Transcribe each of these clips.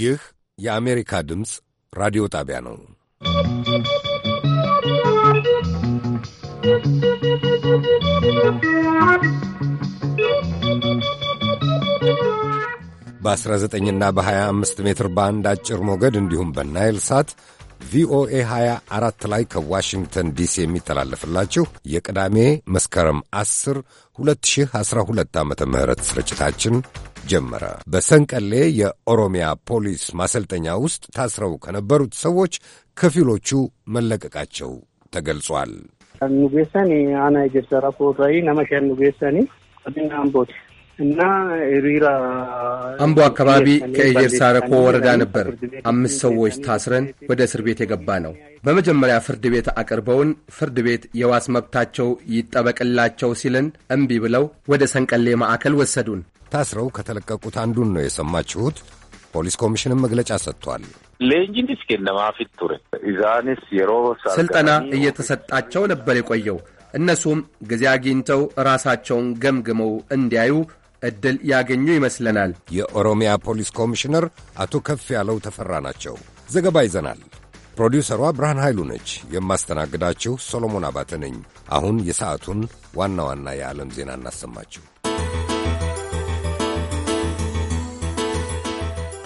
ይህ የአሜሪካ ድምፅ ራዲዮ ጣቢያ ነው። በ19ና በ25 ሜትር ባንድ አጭር ሞገድ እንዲሁም በናይል ሳት ቪኦኤ 24 ላይ ከዋሽንግተን ዲሲ የሚተላለፍላችሁ የቅዳሜ መስከረም 10 2012 ዓ ም ስርጭታችን ጀመረ። በሰንቀሌ የኦሮሚያ ፖሊስ ማሰልጠኛ ውስጥ ታስረው ከነበሩት ሰዎች ከፊሎቹ መለቀቃቸው ተገልጿል። ኑጌሰኒ አና የጀሰራ ፎቶይ ነመሸ ኑጌሰኒ አምቦት እና ሪራ አምቦ አካባቢ ከኤጀርሳ ረኮ ወረዳ ነበር አምስት ሰዎች ታስረን ወደ እስር ቤት የገባ ነው። በመጀመሪያ ፍርድ ቤት አቅርበውን ፍርድ ቤት የዋስ መብታቸው ይጠበቅላቸው ሲልን እምቢ ብለው ወደ ሰንቀሌ ማዕከል ወሰዱን። ታስረው ከተለቀቁት አንዱን ነው የሰማችሁት። ፖሊስ ኮሚሽንም መግለጫ ሰጥቷል። ስልጠና እየተሰጣቸው ነበር የቆየው እነሱም ጊዜ አግኝተው ራሳቸውን ገምግመው እንዲያዩ ዕድል ያገኙ ይመስለናል። የኦሮሚያ ፖሊስ ኮሚሽነር አቶ ከፍ ያለው ተፈራ ናቸው። ዘገባ ይዘናል። ፕሮዲውሰሯ ብርሃን ኃይሉ ነች። የማስተናግዳችሁ ሶሎሞን አባተ ነኝ። አሁን የሰዓቱን ዋና ዋና የዓለም ዜና እናሰማችሁ።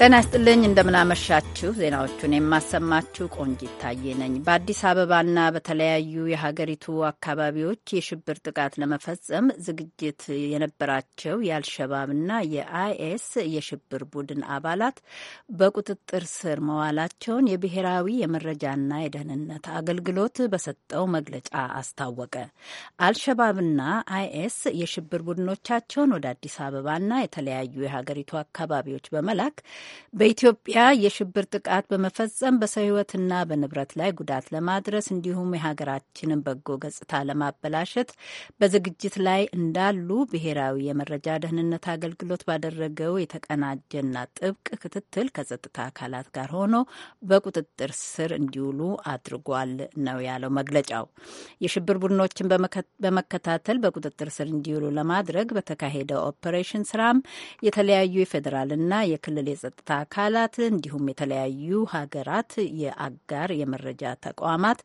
ጤና ይስጥልኝ። እንደምናመሻችሁ። ዜናዎቹን የማሰማችሁ ቆንጂት ታዬ ነኝ። በአዲስ አበባና በተለያዩ የሀገሪቱ አካባቢዎች የሽብር ጥቃት ለመፈጸም ዝግጅት የነበራቸው የአልሸባብና የአይኤስ የሽብር ቡድን አባላት በቁጥጥር ስር መዋላቸውን የብሔራዊ የመረጃና የደህንነት አገልግሎት በሰጠው መግለጫ አስታወቀ። አልሸባብና አይኤስ የሽብር ቡድኖቻቸውን ወደ አዲስ አበባና የተለያዩ የሀገሪቱ አካባቢዎች በመላክ በኢትዮጵያ የሽብር ጥቃት በመፈጸም በሰው ሕይወትና በንብረት ላይ ጉዳት ለማድረስ እንዲሁም የሀገራችንን በጎ ገጽታ ለማበላሸት በዝግጅት ላይ እንዳሉ ብሔራዊ የመረጃ ደህንነት አገልግሎት ባደረገው የተቀናጀና ጥብቅ ክትትል ከጸጥታ አካላት ጋር ሆኖ በቁጥጥር ስር እንዲውሉ አድርጓል ነው ያለው መግለጫው። የሽብር ቡድኖችን በመከታተል በቁጥጥር ስር እንዲውሉ ለማድረግ በተካሄደ ኦፕሬሽን ስራም የተለያዩ የፌዴራልና የክልል የጸ የጸጥታ አካላት እንዲሁም የተለያዩ ሀገራት የአጋር የመረጃ ተቋማት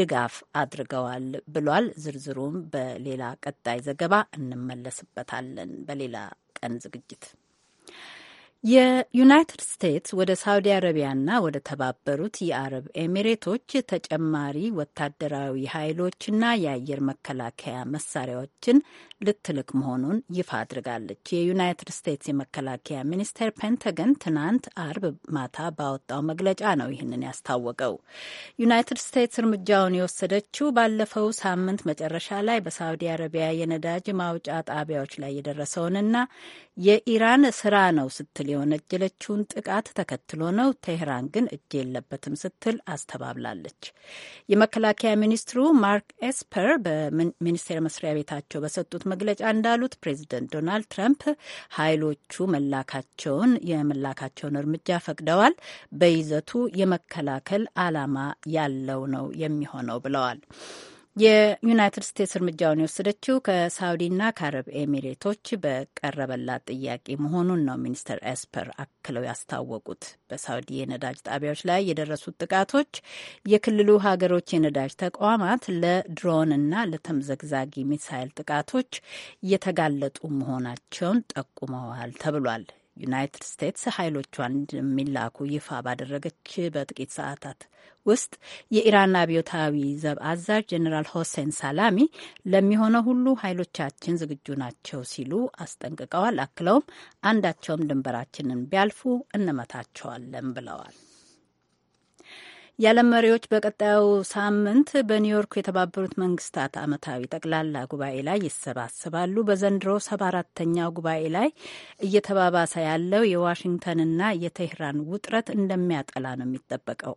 ድጋፍ አድርገዋል ብሏል። ዝርዝሩም በሌላ ቀጣይ ዘገባ እንመለስበታለን በሌላ ቀን ዝግጅት የዩናይትድ ስቴትስ ወደ ሳውዲ አረቢያና ወደ ተባበሩት የአረብ ኤሚሬቶች ተጨማሪ ወታደራዊ ኃይሎችና የአየር መከላከያ መሳሪያዎችን ልትልክ መሆኑን ይፋ አድርጋለች። የዩናይትድ ስቴትስ የመከላከያ ሚኒስቴር ፔንተገን ትናንት አርብ ማታ ባወጣው መግለጫ ነው ይህንን ያስታወቀው። ዩናይትድ ስቴትስ እርምጃውን የወሰደችው ባለፈው ሳምንት መጨረሻ ላይ በሳውዲ አረቢያ የነዳጅ ማውጫ ጣቢያዎች ላይ የደረሰውንና የኢራን ስራ ነው ስትል የወነጀለችውን ጥቃት ተከትሎ ነው። ቴህራን ግን እጅ የለበትም ስትል አስተባብላለች። የመከላከያ ሚኒስትሩ ማርክ ኤስፐር በሚኒስቴር መስሪያ ቤታቸው በሰጡት መግለጫ እንዳሉት ፕሬዚደንት ዶናልድ ትራምፕ ኃይሎቹ መላካቸውን የመላካቸውን እርምጃ ፈቅደዋል። በይዘቱ የመከላከል ዓላማ ያለው ነው የሚሆነው ብለዋል። የዩናይትድ ስቴትስ እርምጃውን የወሰደችው ከሳውዲና ከአረብ ኤሚሬቶች በቀረበላት ጥያቄ መሆኑን ነው ሚኒስተር ኤስፐር አክለው ያስታወቁት። በሳውዲ የነዳጅ ጣቢያዎች ላይ የደረሱት ጥቃቶች የክልሉ ሀገሮች የነዳጅ ተቋማት ለድሮንና ለተምዘግዛጊ ሚሳይል ጥቃቶች እየተጋለጡ መሆናቸውን ጠቁመዋል ተብሏል። ዩናይትድ ስቴትስ ኃይሎቿን እንደሚላኩ ይፋ ባደረገች በጥቂት ሰዓታት ውስጥ የኢራን አብዮታዊ ዘብ አዛዥ ጀኔራል ሆሴን ሳላሚ ለሚሆነው ሁሉ ኃይሎቻችን ዝግጁ ናቸው ሲሉ አስጠንቅቀዋል። አክለውም አንዳቸውም ድንበራችንን ቢያልፉ እንመታቸዋለን ብለዋል። የዓለም መሪዎች በቀጣዩ ሳምንት በኒውዮርክ የተባበሩት መንግስታት ዓመታዊ ጠቅላላ ጉባኤ ላይ ይሰባሰባሉ። በዘንድሮ ሰባ አራተኛው ጉባኤ ላይ እየተባባሰ ያለው የዋሽንግተንና የቴህራን ውጥረት እንደሚያጠላ ነው የሚጠበቀው።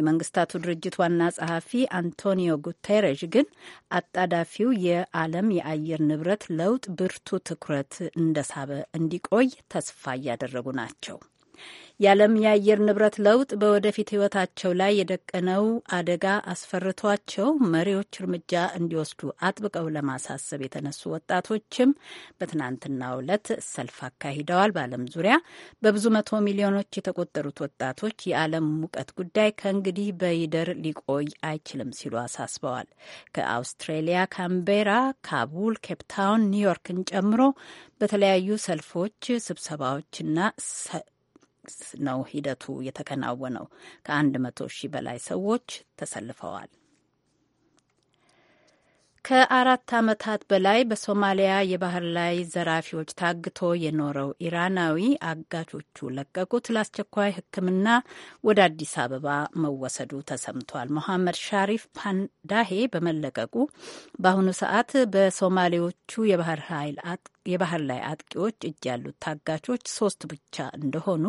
የመንግስታቱ ድርጅት ዋና ጸሐፊ አንቶኒዮ ጉቴሬሽ ግን አጣዳፊው የዓለም የአየር ንብረት ለውጥ ብርቱ ትኩረት እንደሳበ እንዲቆይ ተስፋ እያደረጉ ናቸው። የዓለም የአየር ንብረት ለውጥ በወደፊት ሕይወታቸው ላይ የደቀነው አደጋ አስፈርቷቸው መሪዎች እርምጃ እንዲወስዱ አጥብቀው ለማሳሰብ የተነሱ ወጣቶችም በትናንትናው ዕለት ሰልፍ አካሂደዋል። በዓለም ዙሪያ በብዙ መቶ ሚሊዮኖች የተቆጠሩት ወጣቶች የዓለም ሙቀት ጉዳይ ከእንግዲህ በይደር ሊቆይ አይችልም ሲሉ አሳስበዋል። ከአውስትሬሊያ ካምቤራ፣ ካቡል፣ ኬፕታውን፣ ኒውዮርክን ጨምሮ በተለያዩ ሰልፎች፣ ስብሰባዎችና ነው ሂደቱ የተከናወነው። ከአንድ መቶ ሺህ በላይ ሰዎች ተሰልፈዋል። ከአራት ዓመታት በላይ በሶማሊያ የባህር ላይ ዘራፊዎች ታግቶ የኖረው ኢራናዊ አጋቾቹ ለቀቁት። ለአስቸኳይ ሕክምና ወደ አዲስ አበባ መወሰዱ ተሰምቷል። ሞሐመድ ሻሪፍ ፓንዳሄ በመለቀቁ በአሁኑ ሰዓት በሶማሌዎቹ የባህር ኃይል የባህር ላይ አጥቂዎች እጅ ያሉት ታጋቾች ሶስት ብቻ እንደሆኑ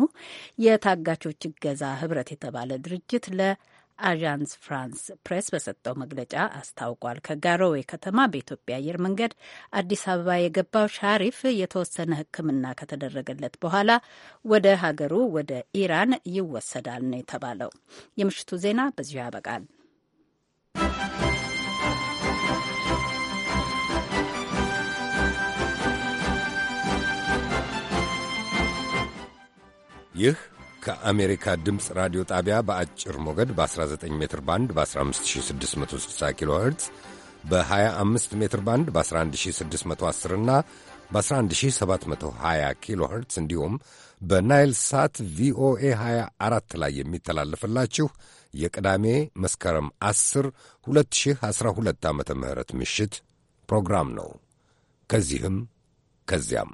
የታጋቾች እገዛ ህብረት የተባለ ድርጅት ለ አዣንስ ፍራንስ ፕሬስ በሰጠው መግለጫ አስታውቋል። ከጋሮዌ ከተማ በኢትዮጵያ አየር መንገድ አዲስ አበባ የገባው ሻሪፍ የተወሰነ ሕክምና ከተደረገለት በኋላ ወደ ሀገሩ ወደ ኢራን ይወሰዳል ነው የተባለው። የምሽቱ ዜና በዚሁ ያበቃል። ይህ ከአሜሪካ ድምፅ ራዲዮ ጣቢያ በአጭር ሞገድ በ19 ሜትር ባንድ በ15660 ኪሎ ኸርትዝ በ25 ሜትር ባንድ በ11610 እና በ11720 ኪሎ ኸርትዝ እንዲሁም በናይል ሳት ቪኦኤ 24 ላይ የሚተላለፍላችሁ የቅዳሜ መስከረም 10 2012 ዓ ም ምሽት ፕሮግራም ነው። ከዚህም ከዚያም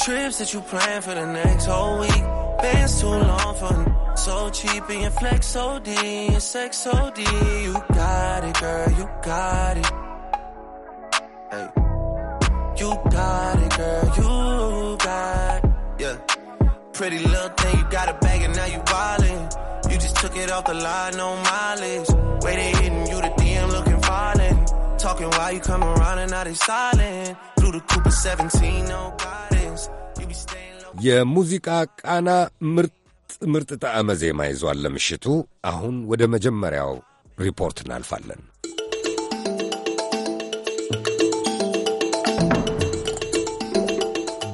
Trips that you plan for the next whole week Been too long for so cheap and flex OD and sex OD. You got it, girl, you got it. Hey. You got it, girl, you got it. Yeah. Pretty little thing, you got a bag and now you violent. You just took it off the line, no mileage. Waiting, hitting you the DM looking violent. Talking while you come around and now they silent. Through the Cooper 17, no guidance. የሙዚቃ ቃና ምርጥ ምርጥ ጣዕመ ዜማ ይዟል ለምሽቱ። አሁን ወደ መጀመሪያው ሪፖርት እናልፋለን።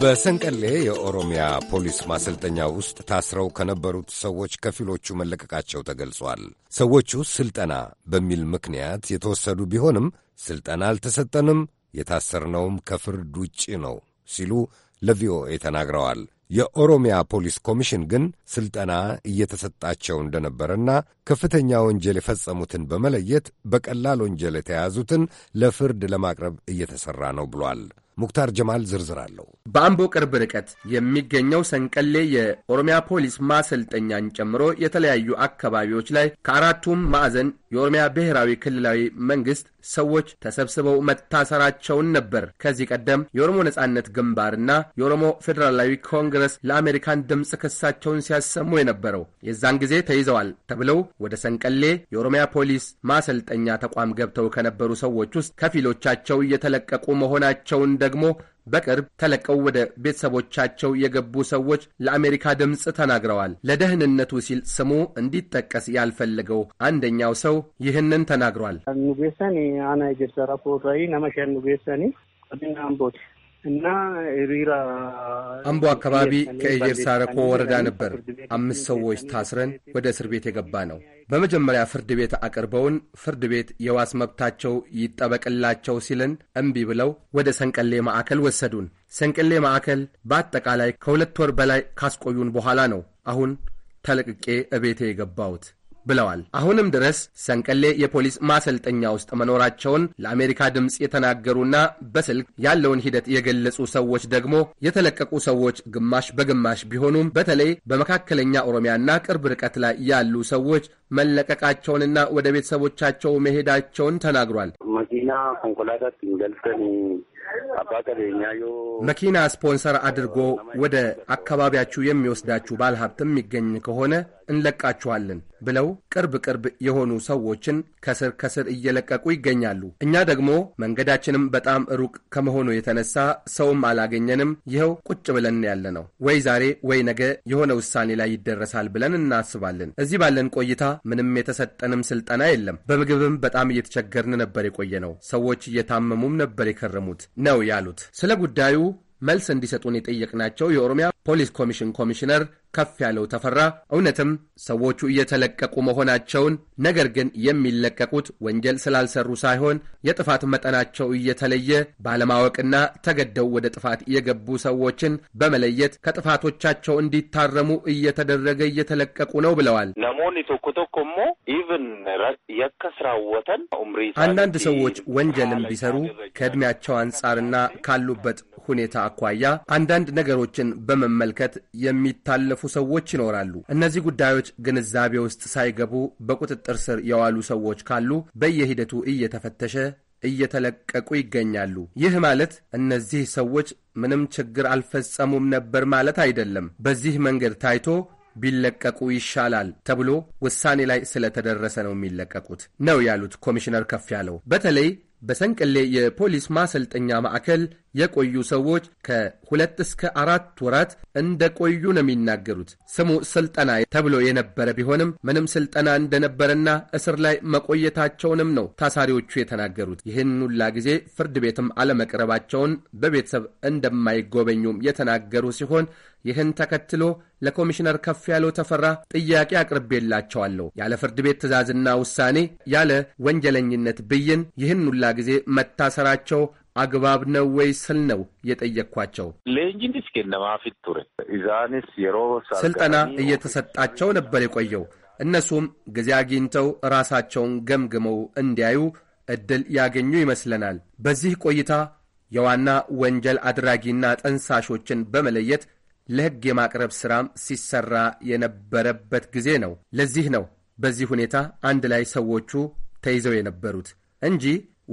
በሰንቀሌ የኦሮሚያ ፖሊስ ማሰልጠኛ ውስጥ ታስረው ከነበሩት ሰዎች ከፊሎቹ መለቀቃቸው ተገልጿል። ሰዎቹ ሥልጠና በሚል ምክንያት የተወሰዱ ቢሆንም ሥልጠና አልተሰጠንም፣ የታሰርነውም ከፍርድ ውጪ ነው ሲሉ ለቪኦኤ ተናግረዋል። የኦሮሚያ ፖሊስ ኮሚሽን ግን ሥልጠና እየተሰጣቸው እንደነበረና ከፍተኛ ወንጀል የፈጸሙትን በመለየት በቀላል ወንጀል የተያዙትን ለፍርድ ለማቅረብ እየተሠራ ነው ብሏል። ሙክታር ጀማል ዝርዝር አለው። በአምቦ ቅርብ ርቀት የሚገኘው ሰንቀሌ የኦሮሚያ ፖሊስ ማሰልጠኛን ጨምሮ የተለያዩ አካባቢዎች ላይ ከአራቱም ማዕዘን የኦሮሚያ ብሔራዊ ክልላዊ መንግስት ሰዎች ተሰብስበው መታሰራቸውን ነበር ከዚህ ቀደም የኦሮሞ ነጻነት ግንባርና የኦሮሞ ፌዴራላዊ ኮንግረስ ለአሜሪካን ድምፅ ክሳቸውን ሲያሰሙ የነበረው። የዛን ጊዜ ተይዘዋል ተብለው ወደ ሰንቀሌ የኦሮሚያ ፖሊስ ማሰልጠኛ ተቋም ገብተው ከነበሩ ሰዎች ውስጥ ከፊሎቻቸው እየተለቀቁ መሆናቸውን ደግሞ በቅርብ ተለቀው ወደ ቤተሰቦቻቸው የገቡ ሰዎች ለአሜሪካ ድምፅ ተናግረዋል። ለደህንነቱ ሲል ስሙ እንዲጠቀስ ያልፈለገው አንደኛው ሰው ይህንን ተናግሯል። እና ሪራ አምቦ አካባቢ ከኤጀርሳ ረኮ ወረዳ ነበር አምስት ሰዎች ታስረን ወደ እስር ቤት የገባ ነው። በመጀመሪያ ፍርድ ቤት አቅርበውን ፍርድ ቤት የዋስ መብታቸው ይጠበቅላቸው ሲልን እምቢ ብለው ወደ ሰንቀሌ ማዕከል ወሰዱን። ሰንቀሌ ማዕከል በአጠቃላይ ከሁለት ወር በላይ ካስቆዩን በኋላ ነው አሁን ተለቅቄ እቤቴ የገባሁት። ብለዋል። አሁንም ድረስ ሰንቀሌ የፖሊስ ማሰልጠኛ ውስጥ መኖራቸውን ለአሜሪካ ድምፅ የተናገሩና በስልክ ያለውን ሂደት የገለጹ ሰዎች ደግሞ የተለቀቁ ሰዎች ግማሽ በግማሽ ቢሆኑም በተለይ በመካከለኛ ኦሮሚያና ቅርብ ርቀት ላይ ያሉ ሰዎች መለቀቃቸውንና ወደ ቤተሰቦቻቸው መሄዳቸውን ተናግሯል። መኪና ስፖንሰር አድርጎ ወደ አካባቢያችሁ የሚወስዳችሁ ባለሀብት የሚገኝ ከሆነ እንለቃችኋለን ብለው ቅርብ ቅርብ የሆኑ ሰዎችን ከስር ከስር እየለቀቁ ይገኛሉ። እኛ ደግሞ መንገዳችንም በጣም ሩቅ ከመሆኑ የተነሳ ሰውም አላገኘንም። ይኸው ቁጭ ብለን ያለ ነው። ወይ ዛሬ ወይ ነገ የሆነ ውሳኔ ላይ ይደረሳል ብለን እናስባለን። እዚህ ባለን ቆይታ ምንም የተሰጠንም ስልጠና የለም። በምግብም በጣም እየተቸገርን ነበር የቆየ ነው። ሰዎች እየታመሙም ነበር የከረሙት ነው ያሉት። ስለ ጉዳዩ መልስ እንዲሰጡን የጠየቅናቸው የኦሮሚያ ፖሊስ ኮሚሽን ኮሚሽነር ከፍ ያለው ተፈራ እውነትም ሰዎቹ እየተለቀቁ መሆናቸውን ነገር ግን የሚለቀቁት ወንጀል ስላልሰሩ ሳይሆን የጥፋት መጠናቸው እየተለየ ባለማወቅና ተገደው ወደ ጥፋት የገቡ ሰዎችን በመለየት ከጥፋቶቻቸው እንዲታረሙ እየተደረገ እየተለቀቁ ነው ብለዋል። አንዳንድ ሰዎች ወንጀልም ቢሰሩ ከዕድሜያቸው አንጻርና ካሉበት ሁኔታ አኳያ አንዳንድ ነገሮችን በመመልከት የሚታለፉ የሚያልፉ ሰዎች ይኖራሉ። እነዚህ ጉዳዮች ግንዛቤ ውስጥ ሳይገቡ በቁጥጥር ስር የዋሉ ሰዎች ካሉ በየሂደቱ እየተፈተሸ እየተለቀቁ ይገኛሉ። ይህ ማለት እነዚህ ሰዎች ምንም ችግር አልፈጸሙም ነበር ማለት አይደለም። በዚህ መንገድ ታይቶ ቢለቀቁ ይሻላል ተብሎ ውሳኔ ላይ ስለተደረሰ ነው የሚለቀቁት ነው ያሉት ኮሚሽነር ከፍ ያለው በተለይ በሰንቅሌ የፖሊስ ማሰልጠኛ ማዕከል የቆዩ ሰዎች ከሁለት እስከ አራት ወራት እንደቆዩ ነው የሚናገሩት። ስሙ ስልጠና ተብሎ የነበረ ቢሆንም ምንም ስልጠና እንደነበረና እስር ላይ መቆየታቸውንም ነው ታሳሪዎቹ የተናገሩት። ይህን ሁላ ጊዜ ፍርድ ቤትም አለመቅረባቸውን በቤተሰብ እንደማይጎበኙም የተናገሩ ሲሆን ይህን ተከትሎ ለኮሚሽነር ከፍ ያለው ተፈራ ጥያቄ አቅርቤላቸዋለሁ። ያለ ፍርድ ቤት ትዕዛዝና ውሳኔ ያለ ወንጀለኝነት ብይን ይህን ሁላ ጊዜ መታሰራቸው አግባብ ነው ወይ ስል ነው የጠየቅኳቸው። ስልጠና እየተሰጣቸው ነበር የቆየው። እነሱም ጊዜ አግኝተው ራሳቸውን ገምግመው እንዲያዩ እድል ያገኙ ይመስለናል። በዚህ ቆይታ የዋና ወንጀል አድራጊና ጠንሳሾችን በመለየት ለሕግ የማቅረብ ሥራም ሲሰራ የነበረበት ጊዜ ነው። ለዚህ ነው በዚህ ሁኔታ አንድ ላይ ሰዎቹ ተይዘው የነበሩት እንጂ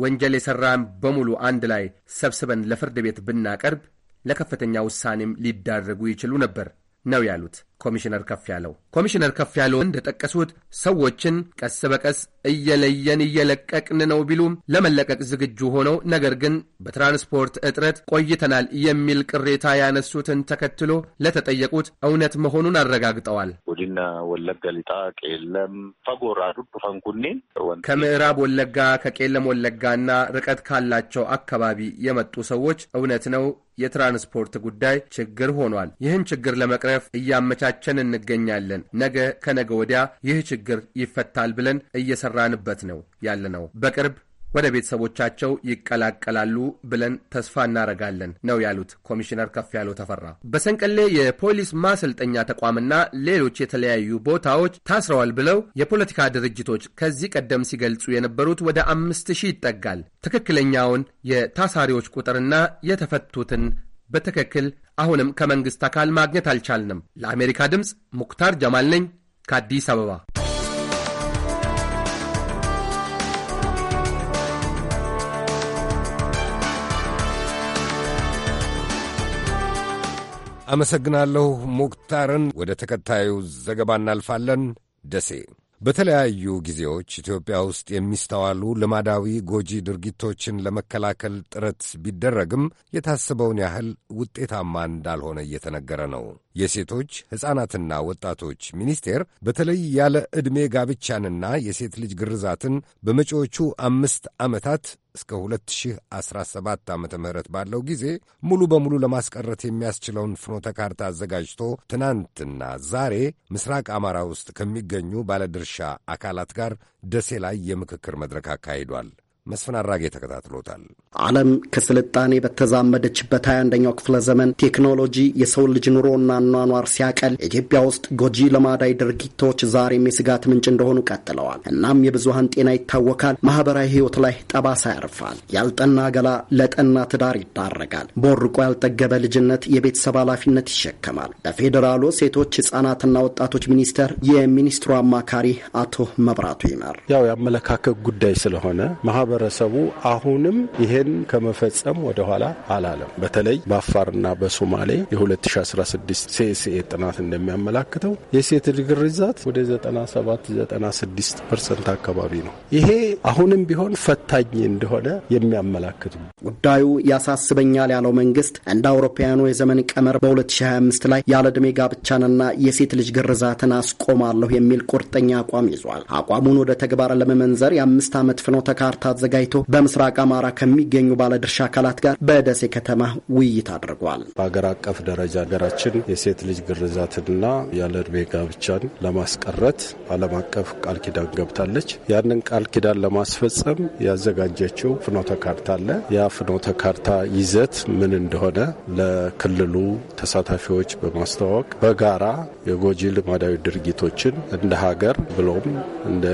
ወንጀል የሠራን በሙሉ አንድ ላይ ሰብስበን ለፍርድ ቤት ብናቀርብ ለከፍተኛ ውሳኔም ሊዳረጉ ይችሉ ነበር ነው ያሉት። ኮሚሽነር ከፍ ያለው ኮሚሽነር ከፍ ያለው እንደጠቀሱት ሰዎችን ቀስ በቀስ እየለየን እየለቀቅን ነው ቢሉም ለመለቀቅ ዝግጁ ሆነው ነገር ግን በትራንስፖርት እጥረት ቆይተናል የሚል ቅሬታ ያነሱትን ተከትሎ ለተጠየቁት እውነት መሆኑን አረጋግጠዋል። ጉዲና ወለጋ ሊጣ ቄለም ፈጎራ ዱዱ ፈንኩኒ ከምዕራብ ወለጋ ከቄለም ወለጋና ርቀት ካላቸው አካባቢ የመጡ ሰዎች እውነት ነው የትራንስፖርት ጉዳይ ችግር ሆኗል። ይህን ችግር ለመቅረፍ እያመቻ ቤታችን እንገኛለን። ነገ ከነገ ወዲያ ይህ ችግር ይፈታል ብለን እየሰራንበት ነው ያለ ነው። በቅርብ ወደ ቤተሰቦቻቸው ይቀላቀላሉ ብለን ተስፋ እናደርጋለን ነው ያሉት ኮሚሽነር ከፍ ያለው ተፈራ። በሰንቀሌ የፖሊስ ማሰልጠኛ ተቋምና ሌሎች የተለያዩ ቦታዎች ታስረዋል ብለው የፖለቲካ ድርጅቶች ከዚህ ቀደም ሲገልጹ የነበሩት ወደ አምስት ሺህ ይጠጋል። ትክክለኛውን የታሳሪዎች ቁጥርና የተፈቱትን በትክክል አሁንም ከመንግሥት አካል ማግኘት አልቻልንም። ለአሜሪካ ድምፅ ሙክታር ጀማል ነኝ ከአዲስ አበባ። አመሰግናለሁ ሙክታርን። ወደ ተከታዩ ዘገባ እናልፋለን። ደሴ በተለያዩ ጊዜዎች ኢትዮጵያ ውስጥ የሚስተዋሉ ልማዳዊ ጎጂ ድርጊቶችን ለመከላከል ጥረት ቢደረግም የታሰበውን ያህል ውጤታማ እንዳልሆነ እየተነገረ ነው። የሴቶች ሕፃናትና ወጣቶች ሚኒስቴር በተለይ ያለ ዕድሜ ጋብቻንና የሴት ልጅ ግርዛትን በመጪዎቹ አምስት ዓመታት እስከ 2017 ዓ ም ባለው ጊዜ ሙሉ በሙሉ ለማስቀረት የሚያስችለውን ፍኖተ ካርታ አዘጋጅቶ ትናንትና ዛሬ ምስራቅ አማራ ውስጥ ከሚገኙ ባለድርሻ አካላት ጋር ደሴ ላይ የምክክር መድረክ አካሂዷል። መስፍን አራጌ ተከታትሎታል። ዓለም ከስልጣኔ በተዛመደችበት 21 ክፍለ ዘመን ቴክኖሎጂ የሰው ልጅ ኑሮና ኗኗር ሲያቀል ኢትዮጵያ ውስጥ ጎጂ ልማዳዊ ድርጊቶች ዛሬም የስጋት ምንጭ እንደሆኑ ቀጥለዋል። እናም የብዙሃን ጤና ይታወካል፣ ማህበራዊ ህይወት ላይ ጠባሳ ያርፋል። ያልጠና ገላ ለጠና ትዳር ይዳረጋል። በወርቆ ያልጠገበ ልጅነት የቤተሰብ ኃላፊነት ይሸከማል። በፌዴራሉ ሴቶች ህጻናትና ወጣቶች ሚኒስቴር የሚኒስትሩ አማካሪ አቶ መብራቱ ይመር ያው የአመለካከት ጉዳይ ስለሆነ ማህበረሰቡ አሁንም ይሄን ከመፈጸም ወደኋላ አላለም። በተለይ በአፋርና በሶማሌ የ2016 ሴሴ ጥናት እንደሚያመላክተው የሴት ግርዛት ወደ 9796 ፐርሰንት አካባቢ ነው። ይሄ አሁንም ቢሆን ፈታኝ እንደሆነ የሚያመላክት ጉዳዩ ያሳስበኛል ያለው መንግስት እንደ አውሮፓውያኑ የዘመን ቀመር በ2025 ላይ ያለ ዕድሜ ጋብቻንና የሴት ልጅ ግርዛትን አስቆማለሁ የሚል ቁርጠኛ አቋም ይዟል። አቋሙን ወደ ተግባር ለመመንዘር የአምስት ዓመት ፍኖተ ካርታ አዘጋጅቶ በምስራቅ አማራ ከሚገኙ ባለድርሻ አካላት ጋር በደሴ ከተማ ውይይት አድርጓል። በሀገር አቀፍ ደረጃ ሀገራችን የሴት ልጅ ግርዛትንና ያለ እድሜ ጋብቻን ለማስቀረት ዓለም አቀፍ ቃል ኪዳን ገብታለች። ያንን ቃል ኪዳን ለማስፈጸም ያዘጋጀችው ፍኖተ ካርታ አለ። ያ ፍኖተ ካርታ ይዘት ምን እንደሆነ ለክልሉ ተሳታፊዎች በማስተዋወቅ በጋራ የጎጂ ልማዳዊ ድርጊቶችን እንደ ሀገር ብሎም እንደ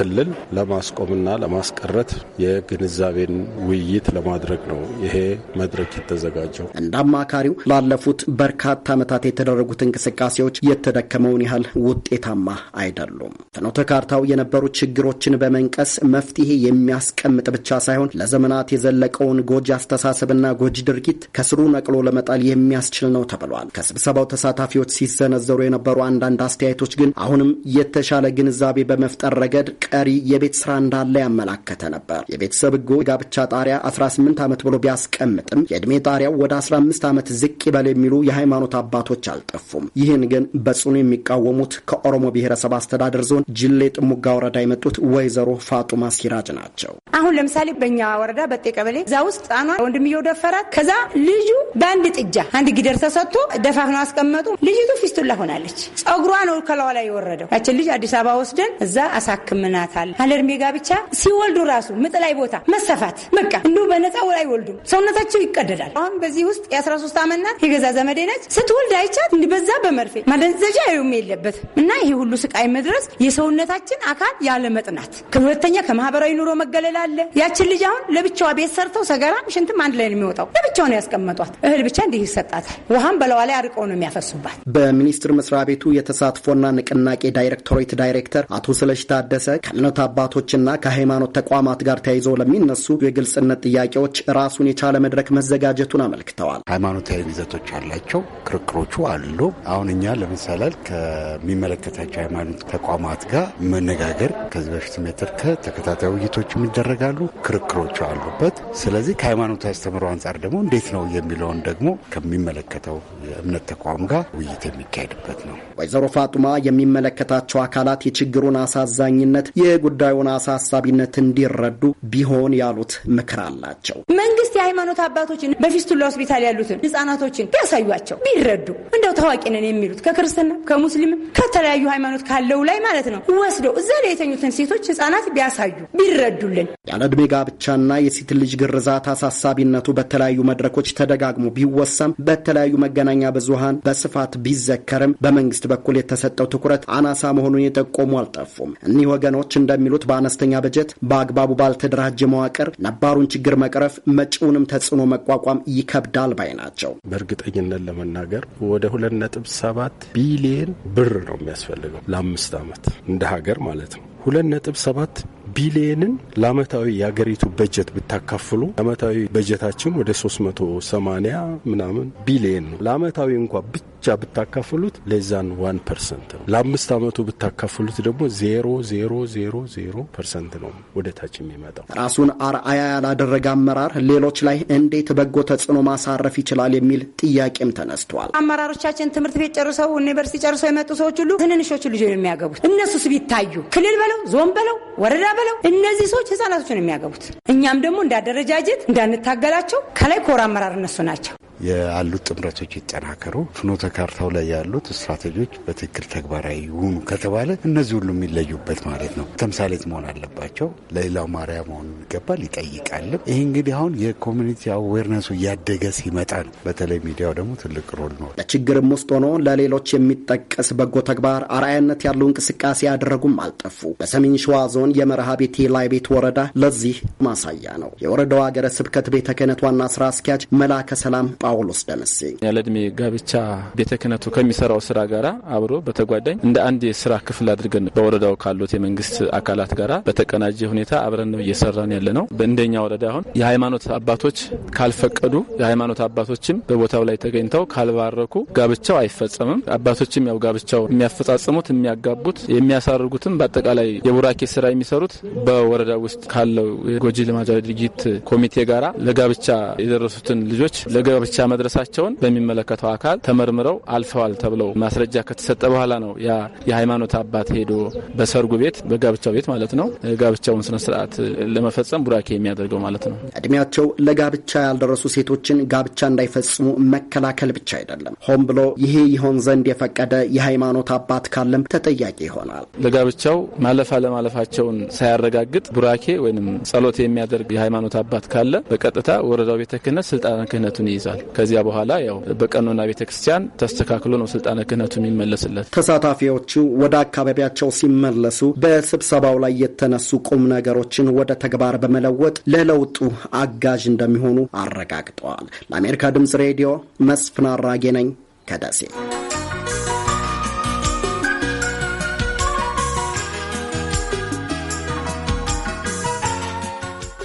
ክልል ለማስቆምና ለማስቀረት የግንዛቤን ውይይት ለማድረግ ነው ይሄ መድረክ የተዘጋጀው። እንደ አማካሪው ላለፉት በርካታ ዓመታት የተደረጉት እንቅስቃሴዎች የተደከመውን ያህል ውጤታማ አይደሉም። ፍኖተ ካርታው የነበሩ ችግሮችን በመንቀስ መፍትሄ የሚያስቀምጥ ብቻ ሳይሆን ለዘመናት የዘለቀውን ጎጂ አስተሳሰብና ጎጂ ድርጊት ከስሩ ነቅሎ ለመጣል የሚያስችል ነው ተብሏል። ከስብሰባው ተሳታፊዎች ሲሰነዘሩ የነበሩ አንዳንድ አስተያየቶች ግን አሁንም የተሻለ ግንዛቤ በመፍጠር ረገድ ቀሪ የቤት ስራ እንዳለ ያመላከተ ነበር። ነበር። የቤተሰብ ሕጉ ጋብቻ ጣሪያ 18 ዓመት ብሎ ቢያስቀምጥም የዕድሜ ጣሪያው ወደ 15 ዓመት ዝቅ ይበል የሚሉ የሃይማኖት አባቶች አልጠፉም። ይህን ግን በጽኑ የሚቃወሙት ከኦሮሞ ብሔረሰብ አስተዳደር ዞን ጅሌ ጥሙጋ ወረዳ የመጡት ወይዘሮ ፋጡማ ሲራጅ ናቸው። አሁን ለምሳሌ በእኛ ወረዳ በጤ ቀበሌ እዛ ውስጥ ጣኗ ወንድምየው ደፈራት። ከዛ ልጁ በአንድ ጥጃ አንድ ጊደር ተሰጥቶ ደፋፍነው አስቀመጡ። ልጅቱ ፊስቱላ ሆናለች። ጸጉሯ ነው ከላዋ ላይ የወረደው። ያችን ልጅ አዲስ አበባ ወስደን እዛ አሳክምናታል። አለእድሜ ጋብቻ ሲወልዱ ራሱ ምጥ ላይ ቦታ መሰፋት በቃ እንዲሁ በነፃ ወር አይወልዱም። ሰውነታቸው ይቀደዳል። አሁን በዚህ ውስጥ የ13 ዓመት የገዛ ዘመዴ ነች። ስትወልድ አይቻት እንዲበዛ በመርፌ ማደንዘዣ ይኸውም የለበት እና ይህ ሁሉ ስቃይ መድረስ የሰውነታችን አካል ያለ መጥናት ሁለተኛ ከማህበራዊ ኑሮ መገለል አለ። ያችን ልጅ አሁን ለብቻዋ ቤት ሰርተው ሰገራም ሽንትም አንድ ላይ ነው የሚወጣው። ለብቻው ነው ያስቀመጧት። እህል ብቻ እንዲህ ይሰጣታል። ውሃም በለዋ ላይ አርቀው ነው የሚያፈሱባት። በሚኒስቴር መስሪያ ቤቱ የተሳትፎና ንቅናቄ ዳይሬክቶሬት ዳይሬክተር አቶ ስለሽ ታደሰ ከእምነት አባቶችና ከሃይማኖት ተቋማት ጋር ጋር ተያይዘው ለሚነሱ የግልጽነት ጥያቄዎች ራሱን የቻለ መድረክ መዘጋጀቱን አመልክተዋል። ሃይማኖታዊ ይዘቶች አላቸው፣ ክርክሮቹ አሉ። አሁን እኛ ለምሳሌ ከሚመለከታቸው ሃይማኖት ተቋማት ጋር መነጋገር ከዚህ በፊት ሜትር ከተከታታይ ውይይቶች ይደረጋሉ፣ ክርክሮቹ አሉበት። ስለዚህ ከሃይማኖት አስተምሮ አንጻር ደግሞ እንዴት ነው የሚለውን ደግሞ ከሚመለከተው የእምነት ተቋም ጋር ውይይት የሚካሄድበት ነው። ወይዘሮ ፋጡማ የሚመለከታቸው አካላት የችግሩን አሳዛኝነት፣ የጉዳዩን አሳሳቢነት እንዲረዱ የሚረዱ ቢሆን ያሉት ምክር አላቸው። መንግስት የሃይማኖት አባቶችን በፊስቱላ ሆስፒታል ያሉትን ህጻናቶችን ቢያሳዩቸው ቢረዱ፣ እንደው ታዋቂ ነን የሚሉት ከክርስትና ከሙስሊምም ከተለያዩ ሃይማኖት ካለው ላይ ማለት ነው ወስደው እዛ ላይ የተኙትን ሴቶች ህጻናት ቢያሳዩ ቢረዱልን። ያለ ዕድሜ ጋብቻና የሴት ልጅ ግርዛት አሳሳቢነቱ በተለያዩ መድረኮች ተደጋግሞ ቢወሳም በተለያዩ መገናኛ ብዙሃን በስፋት ቢዘከርም በመንግስት በኩል የተሰጠው ትኩረት አናሳ መሆኑን የጠቆሙ አልጠፉም። እኒህ ወገኖች እንደሚሉት በአነስተኛ በጀት በአግባቡ ባል ያልተደራጀ መዋቅር ነባሩን ችግር መቅረፍ፣ መጪውንም ተጽዕኖ መቋቋም ይከብዳል ባይ ናቸው። በእርግጠኝነት ለመናገር ወደ ሁለት ነጥብ ሰባት ቢሊየን ብር ነው የሚያስፈልገው ለአምስት ዓመት እንደ ሀገር ማለት ነው። ሁለት ነጥብ ሰባት ቢሊየንን ለአመታዊ የሀገሪቱ በጀት ብታካፍሉ አመታዊ በጀታችን ወደ 380 ምናምን ቢሊየን ነው። ለአመታዊ እንኳ ብቻ ብታካፍሉት ለዛን ዋን ፐርሰንት ነው። ለአምስት አመቱ ብታካፍሉት ደግሞ ዜሮ ዜሮ ዜሮ ዜሮ ፐርሰንት ነው ወደ ታች የሚመጣው። ራሱን አርአያ ያላደረገ አመራር ሌሎች ላይ እንዴት በጎ ተጽዕኖ ማሳረፍ ይችላል የሚል ጥያቄም ተነስቷል። አመራሮቻችን ትምህርት ቤት ጨርሰው ዩኒቨርሲቲ ጨርሰው የመጡ ሰዎች ሁሉ ትንንሾቹ ልጆ የሚያገቡት እነሱስ ቢታዩ ክልል በለው ዞን በለው ወረዳ በለው እነዚህ ሰዎች ነው የሚያገቡት እኛም ደግሞ እንዳደረጃጀት እንዳንታገላቸው ከላይ ኮር አመራር እነሱ ናቸው። ያሉት ጥምረቶች ይጠናከሩ፣ ፍኖተ ካርታው ላይ ያሉት ስትራቴጂዎች በትክክል ተግባራዊ ይሁኑ ከተባለ እነዚህ ሁሉ የሚለዩበት ማለት ነው ተምሳሌት መሆን አለባቸው። ለሌላው ማርያ መሆን ይገባል ይጠይቃልም። ይህ እንግዲህ አሁን የኮሚኒቲ አዌርነሱ እያደገ ሲመጣ ነው። በተለይ ሚዲያው ደግሞ ትልቅ ሮል ነው። በችግርም ውስጥ ሆኖ ለሌሎች የሚጠቀስ በጎ ተግባር አርአያነት ያለው እንቅስቃሴ ያደረጉም አልጠፉ። በሰሜን ሸዋ ዞን የመርሃ ቤቴ ላይ ቤት ወረዳ ለዚህ ማሳያ ነው። የወረዳው ሀገረ ስብከት ቤተ ክህነት ዋና ስራ አስኪያጅ መላከ ሰላም ጳውሎስ ደመሴ ያለእድሜ ጋብቻ ቤተ ክህነቱ ከሚሰራው ስራ ጋራ አብሮ በተጓዳኝ እንደ አንድ የስራ ክፍል አድርገን በወረዳው ካሉት የመንግስት አካላት ጋር በተቀናጀ ሁኔታ አብረን ነው እየሰራን ያለ ነው። በእንደኛ ወረዳ አሁን የሃይማኖት አባቶች ካልፈቀዱ የሃይማኖት አባቶችም በቦታው ላይ ተገኝተው ካልባረኩ ጋብቻው አይፈጸምም። አባቶችም ያው ጋብቻው የሚያፈጻጽሙት የሚያጋቡት፣ የሚያሳርጉትም በአጠቃላይ የቡራኬ ስራ የሚሰሩት በወረዳ ውስጥ ካለው የጎጂ ልማዳዊ ድርጊት ኮሚቴ ጋራ ለጋብቻ የደረሱትን ልጆች ለጋብቻ መጨረሻ መድረሳቸውን በሚመለከተው አካል ተመርምረው አልፈዋል ተብለው ማስረጃ ከተሰጠ በኋላ ነው ያ የሃይማኖት አባት ሄዶ በሰርጉ ቤት በጋብቻው ቤት ማለት ነው ጋብቻውን ስነስርዓት ለመፈጸም ቡራኬ የሚያደርገው ማለት ነው። እድሜያቸው ለጋብቻ ያልደረሱ ሴቶችን ጋብቻ እንዳይፈጽሙ መከላከል ብቻ አይደለም፣ ሆን ብሎ ይሄ ይሆን ዘንድ የፈቀደ የሃይማኖት አባት ካለም ተጠያቂ ይሆናል። ለጋብቻው ማለፍ አለማለፋቸውን ሳያረጋግጥ ቡራኬ ወይም ጸሎት የሚያደርግ የሃይማኖት አባት ካለ በቀጥታ ወረዳው ቤተ ክህነት ስልጣን ክህነቱን ይይዛል። ከዚያ በኋላ ያው በቀኖና ቤተ ክርስቲያን ተስተካክሎ ነው ስልጣነ ክህነቱ የሚመለስለት። ተሳታፊዎቹ ወደ አካባቢያቸው ሲመለሱ በስብሰባው ላይ የተነሱ ቁም ነገሮችን ወደ ተግባር በመለወጥ ለለውጡ አጋዥ እንደሚሆኑ አረጋግጠዋል። ለአሜሪካ ድምጽ ሬዲዮ መስፍን አራጌ ነኝ ከደሴ።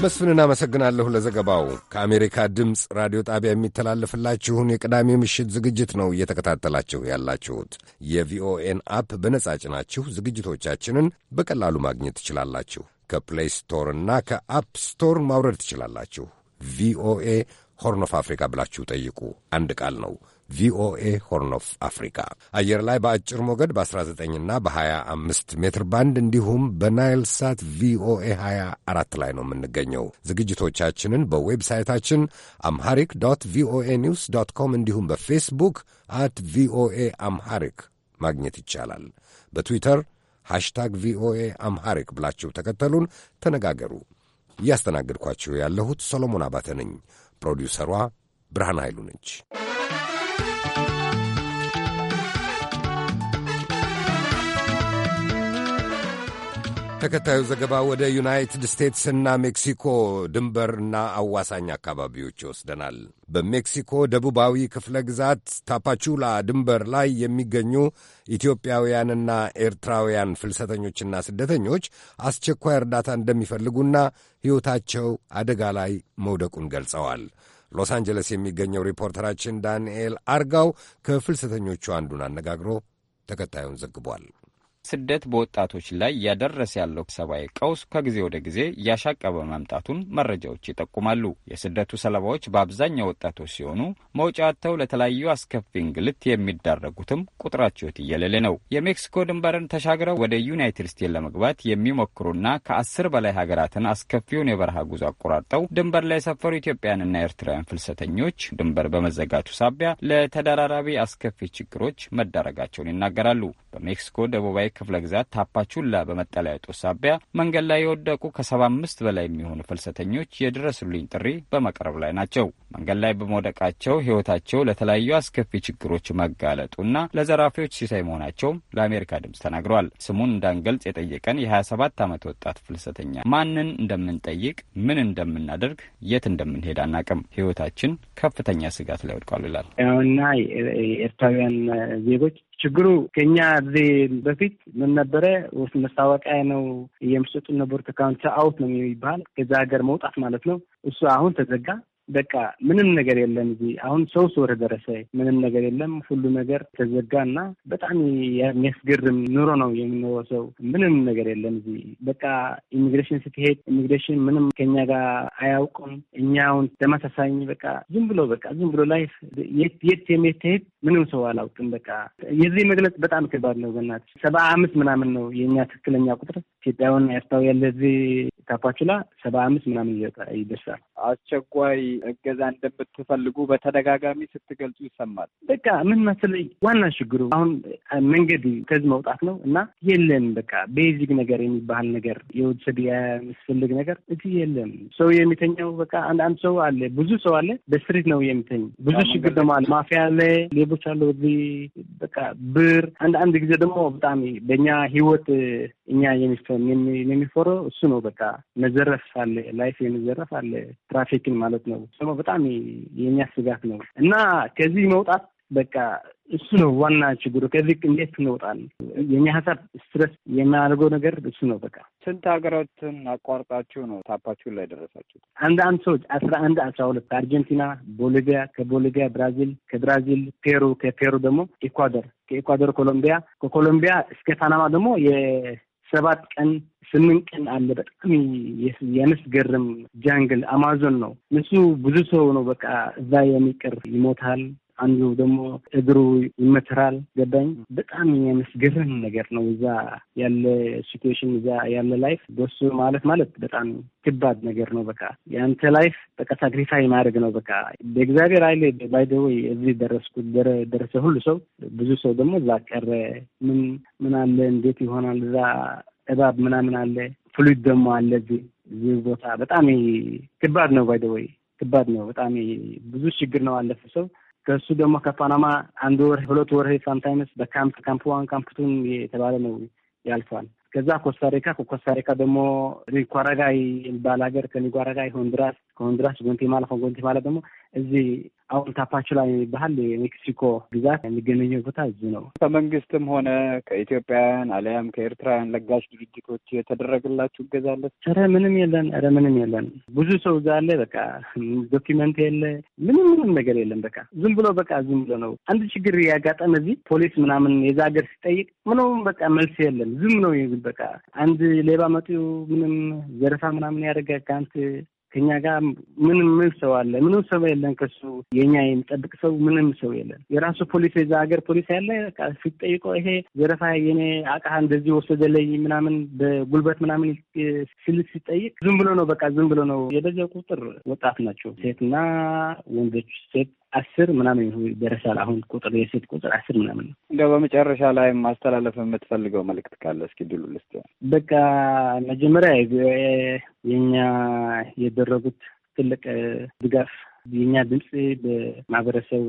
መስፍን እናመሰግናለሁ ለዘገባው። ከአሜሪካ ድምፅ ራዲዮ ጣቢያ የሚተላለፍላችሁን የቅዳሜ ምሽት ዝግጅት ነው እየተከታተላችሁ ያላችሁት። የቪኦኤን አፕ በነጻ ጭናችሁ ዝግጅቶቻችንን በቀላሉ ማግኘት ትችላላችሁ። ከፕሌይ ስቶር እና ከአፕ ስቶር ማውረድ ትችላላችሁ። ቪኦኤ ሆርን ኦፍ አፍሪካ ብላችሁ ጠይቁ። አንድ ቃል ነው። ቪኦኤ ሆርን ኦፍ አፍሪካ አየር ላይ በአጭር ሞገድ በ19ና በ25 ሜትር ባንድ እንዲሁም በናይል ሳት ቪኦኤ 24 ላይ ነው የምንገኘው። ዝግጅቶቻችንን በዌብሳይታችን አምሃሪክ ዶት ቪኦኤ ኒውስ ዶት ኮም እንዲሁም በፌስቡክ አት ቪኦኤ አምሃሪክ ማግኘት ይቻላል። በትዊተር ሃሽታግ ቪኦኤ አምሃሪክ ብላችሁ ተከተሉን፣ ተነጋገሩ። እያስተናገድኳችሁ ያለሁት ሰሎሞን አባተ ነኝ። ፕሮዲውሰሯ ብርሃን ኃይሉ ነች። ተከታዩ ዘገባ ወደ ዩናይትድ ስቴትስ እና ሜክሲኮ ድንበርና አዋሳኝ አካባቢዎች ይወስደናል። በሜክሲኮ ደቡባዊ ክፍለ ግዛት ታፓቹላ ድንበር ላይ የሚገኙ ኢትዮጵያውያንና ኤርትራውያን ፍልሰተኞችና ስደተኞች አስቸኳይ እርዳታ እንደሚፈልጉና ሕይወታቸው አደጋ ላይ መውደቁን ገልጸዋል። ሎስ አንጀለስ የሚገኘው ሪፖርተራችን ዳንኤል አርጋው ከፍልሰተኞቹ አንዱን አነጋግሮ ተከታዩን ዘግቧል። ስደት በወጣቶች ላይ እያደረሰ ያለው ሰብአዊ ቀውስ ከጊዜ ወደ ጊዜ እያሻቀበ መምጣቱን መረጃዎች ይጠቁማሉ። የስደቱ ሰለባዎች በአብዛኛው ወጣቶች ሲሆኑ መውጫ አጥተው ለተለያዩ አስከፊ እንግልት የሚዳረጉትም ቁጥራቸው እየሌለ ነው። የሜክሲኮ ድንበርን ተሻግረው ወደ ዩናይትድ ስቴትስ ለመግባት የሚሞክሩና ከአስር በላይ ሀገራትን አስከፊውን የበረሃ ጉዞ አቆራርጠው ድንበር ላይ የሰፈሩ ኢትዮጵያንና ኤርትራውያን ፍልሰተኞች ድንበር በመዘጋቱ ሳቢያ ለተደራራቢ አስከፊ ችግሮች መዳረጋቸውን ይናገራሉ። በሜክሲኮ ደቡባዊ ክፍለ ግዛት ታፓቹላ በመጠለያ ሳቢያ መንገድ ላይ የወደቁ ከሰባ አምስት በላይ የሚሆኑ ፍልሰተኞች የድረሱልኝ ጥሪ በመቅረብ ላይ ናቸው። መንገድ ላይ በመውደቃቸው ሕይወታቸው ለተለያዩ አስከፊ ችግሮች መጋለጡና ለዘራፊዎች ሲሳይ መሆናቸውም ለአሜሪካ ድምፅ ተናግሯል። ስሙን እንዳንገልጽ የጠየቀን የ27 ዓመት ወጣት ፍልሰተኛ ማንን እንደምንጠይቅ፣ ምን እንደምናደርግ፣ የት እንደምንሄድ አናቅም። ሕይወታችን ከፍተኛ ስጋት ላይ ወድቋል ይላል እና የኤርትራውያን ዜጎች ችግሩ ከኛ ጊዜ በፊት ምን ነበረ? ውስጥ መስታወቂያ ነው የሚሰጡ ነበሩት። አካውንት አውት ነው የሚባል ከዛ ሀገር መውጣት ማለት ነው። እሱ አሁን ተዘጋ። በቃ ምንም ነገር የለም እዚህ አሁን ሰው ሰወር ደረሰ። ምንም ነገር የለም። ሁሉ ነገር ተዘጋ እና በጣም የሚያስገርም ኑሮ ነው የምኖረው። ሰው ምንም ነገር የለም እዚህ በቃ ኢሚግሬሽን ስትሄድ ኢሚግሬሽን ምንም ከኛ ጋር አያውቁም። እኛ አሁን ተመሳሳኝ በቃ ዝም ብሎ በቃ ዝም ብሎ ላይፍ የት የት የሚትሄድ ምንም ሰው አላውቅም። በቃ የዚህ መግለጽ በጣም ከባድ ነው። በናት ሰባ አምስት ምናምን ነው የእኛ ትክክለኛ ቁጥር ኢትዮጵያውን ያስታው ያለ እዚህ ካፓቹላ ሰባ አምስት ምናምን ይደርሳል። አስቸኳይ እገዛ እንደምትፈልጉ በተደጋጋሚ ስትገልጹ ይሰማል። በቃ ምን መሰለኝ ዋና ችግሩ አሁን መንገድ ከዚህ መውጣት ነው እና የለም በቃ ቤዚክ ነገር የሚባል ነገር የወሰድ የሚያስፈልግ ነገር እዚህ የለም። ሰው የሚተኛው በቃ አንድ ሰው አለ፣ ብዙ ሰው አለ፣ በስሪት ነው የሚተኝ። ብዙ ችግር ደግሞ አለ፣ ማፊያ አለ፣ ሌቦች አለ። በቃ ብር አንድ አንድ ጊዜ ደግሞ በጣም በእኛ ህይወት እኛ የሚፈ- የሚፈረው እሱ ነው። በቃ መዘረፍ አለ፣ ላይፍ የመዘረፍ አለ፣ ትራፊክን ማለት ነው። ጽኖ በጣም የሚያስጋት ነው እና ከዚህ መውጣት በቃ እሱ ነው ዋና ችግሩ። ከዚህ እንዴት እንወጣል? የኛ ሀሳብ ስትረስ የሚያደርገው ነገር እሱ ነው። በቃ ስንት ሀገራትን አቋርጣችሁ ነው ታፓችሁ ላይ ደረሳችሁ? አንድ አንድ ሰዎች አስራ አንድ አስራ ሁለት አርጀንቲና፣ ቦሊቪያ፣ ከቦሊቪያ ብራዚል፣ ከብራዚል ፔሩ፣ ከፔሩ ደግሞ ኢኳዶር፣ ከኢኳዶር ኮሎምቢያ፣ ከኮሎምቢያ እስከ ፓናማ ደግሞ ሰባት ቀን ስምንት ቀን አለ። በጣም የምስገርም ጃንግል አማዞን ነው። እሱ ብዙ ሰው ነው በቃ እዛ የሚቀር ይሞታል። አንዱ ደግሞ እግሩ ይመትራል። ገባኝ በጣም የሚያስገርም ነገር ነው። እዛ ያለ ሲትዌሽን፣ እዛ ያለ ላይፍ በሱ ማለት ማለት በጣም ከባድ ነገር ነው። በቃ የአንተ ላይፍ በቃ ሳክሪፋይ ማድረግ ነው። በቃ በእግዚአብሔር ኃይል ባይደወይ እዚህ ደረስኩት ደረሰ ሁሉ ሰው ብዙ ሰው ደግሞ እዛ ቀረ። ምን ምን አለ እንዴት ይሆናል? እዛ እባብ ምናምን አለ ፍሉይድ ደግሞ አለ። እዚህ ቦታ በጣም ከባድ ነው። ባይደወይ ከባድ ነው። በጣም ብዙ ችግር ነው አለፈ ሰው ከእሱ ደግሞ ከፓናማ አንድ ወር ሁለት ወር ሳምታይምስ በካምፕ ካምፕ ዋን ካምፕ ቱን የተባለ ነው ያልፋል። ከዛ ኮስታሪካ ከኮስታሪካ ደግሞ ኒጓራጋይ የሚባል ሀገር ከኒጓራጋይ ሆንድራስ ከሆንዱራስ ጎንቴማላ፣ ከጎንቴማላ ደግሞ እዚህ አሁን ታፓቹላ የሚባል የሜክሲኮ ግዛት የሚገነኘው ቦታ እዚህ ነው። ከመንግስትም ሆነ ከኢትዮጵያውያን አሊያም ከኤርትራውያን ለጋሽ ድርጅቶች የተደረገላችሁ እገዛ ረ ኧረ ምንም የለን፣ ኧረ ምንም የለን። ብዙ ሰው እዛ አለ። በቃ ዶኪመንት የለ፣ ምንም ምንም ነገር የለም። በቃ ዝም ብሎ በቃ ዝም ብሎ ነው። አንድ ችግር ያጋጠመ እዚህ ፖሊስ ምናምን የዛ ሀገር ሲጠይቅ ምንም በቃ መልስ የለም። ዝም ነው በቃ አንድ ሌባ መጡ ምንም ዘረፋ ምናምን ያደረገ ከአንተ ከኛ ጋር ምንም ምን ሰው አለ? ምንም ሰው የለን። ከሱ የኛ የሚጠብቅ ሰው ምንም ሰው የለን። የራሱ ፖሊስ የዛ ሀገር ፖሊስ ያለ ሲጠይቀው ይሄ ዘረፋ የኔ አቃሀ እንደዚህ ወሰደለኝ ምናምን በጉልበት ምናምን ስል ሲጠይቅ ዝም ብሎ ነው በቃ ዝም ብሎ ነው። የበዛው ቁጥር ወጣት ናቸው ሴትና ወንዶች ሴት አስር ምናምን ይደረሳል። አሁን ቁጥር የሴት ቁጥር አስር ምናምን ነው። እንደው በመጨረሻ ላይ ማስተላለፍ የምትፈልገው መልዕክት ካለ እስኪ ድሉ ልስጥ። በቃ መጀመሪያ የኛ የደረጉት ትልቅ ድጋፍ የእኛ ድምፅ በማህበረሰብ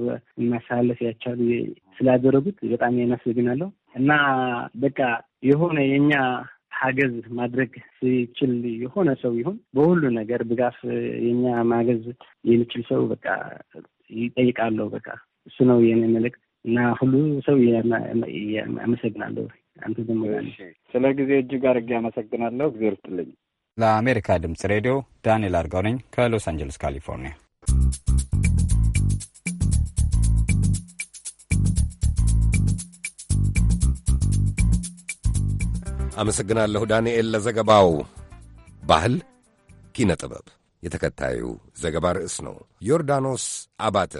ማሳለፍ ያቻሉ ስላደረጉት በጣም ያመሰግናለሁ እና በቃ የሆነ የእኛ ሀገዝ ማድረግ ሲችል የሆነ ሰው ይሁን በሁሉ ነገር ድጋፍ የኛ ማገዝ የሚችል ሰው በቃ ይጠይቃለሁ። በቃ እሱ ነው የኔ መልእክት እና ሁሉ ሰው አመሰግናለሁ። አንተ ደሞ ስለ ጊዜ እጅግ አድርጌ አመሰግናለሁ። ጊዜ ርስጥልኝ። ለአሜሪካ ድምፅ ሬዲዮ ዳንኤል አርጋው ነኝ ከሎስ አንጀለስ ካሊፎርኒያ። አመሰግናለሁ ዳንኤል ለዘገባው። ባህል ኪነ ጥበብ የተከታዩ ዘገባ ርዕስ ነው። ዮርዳኖስ አባተ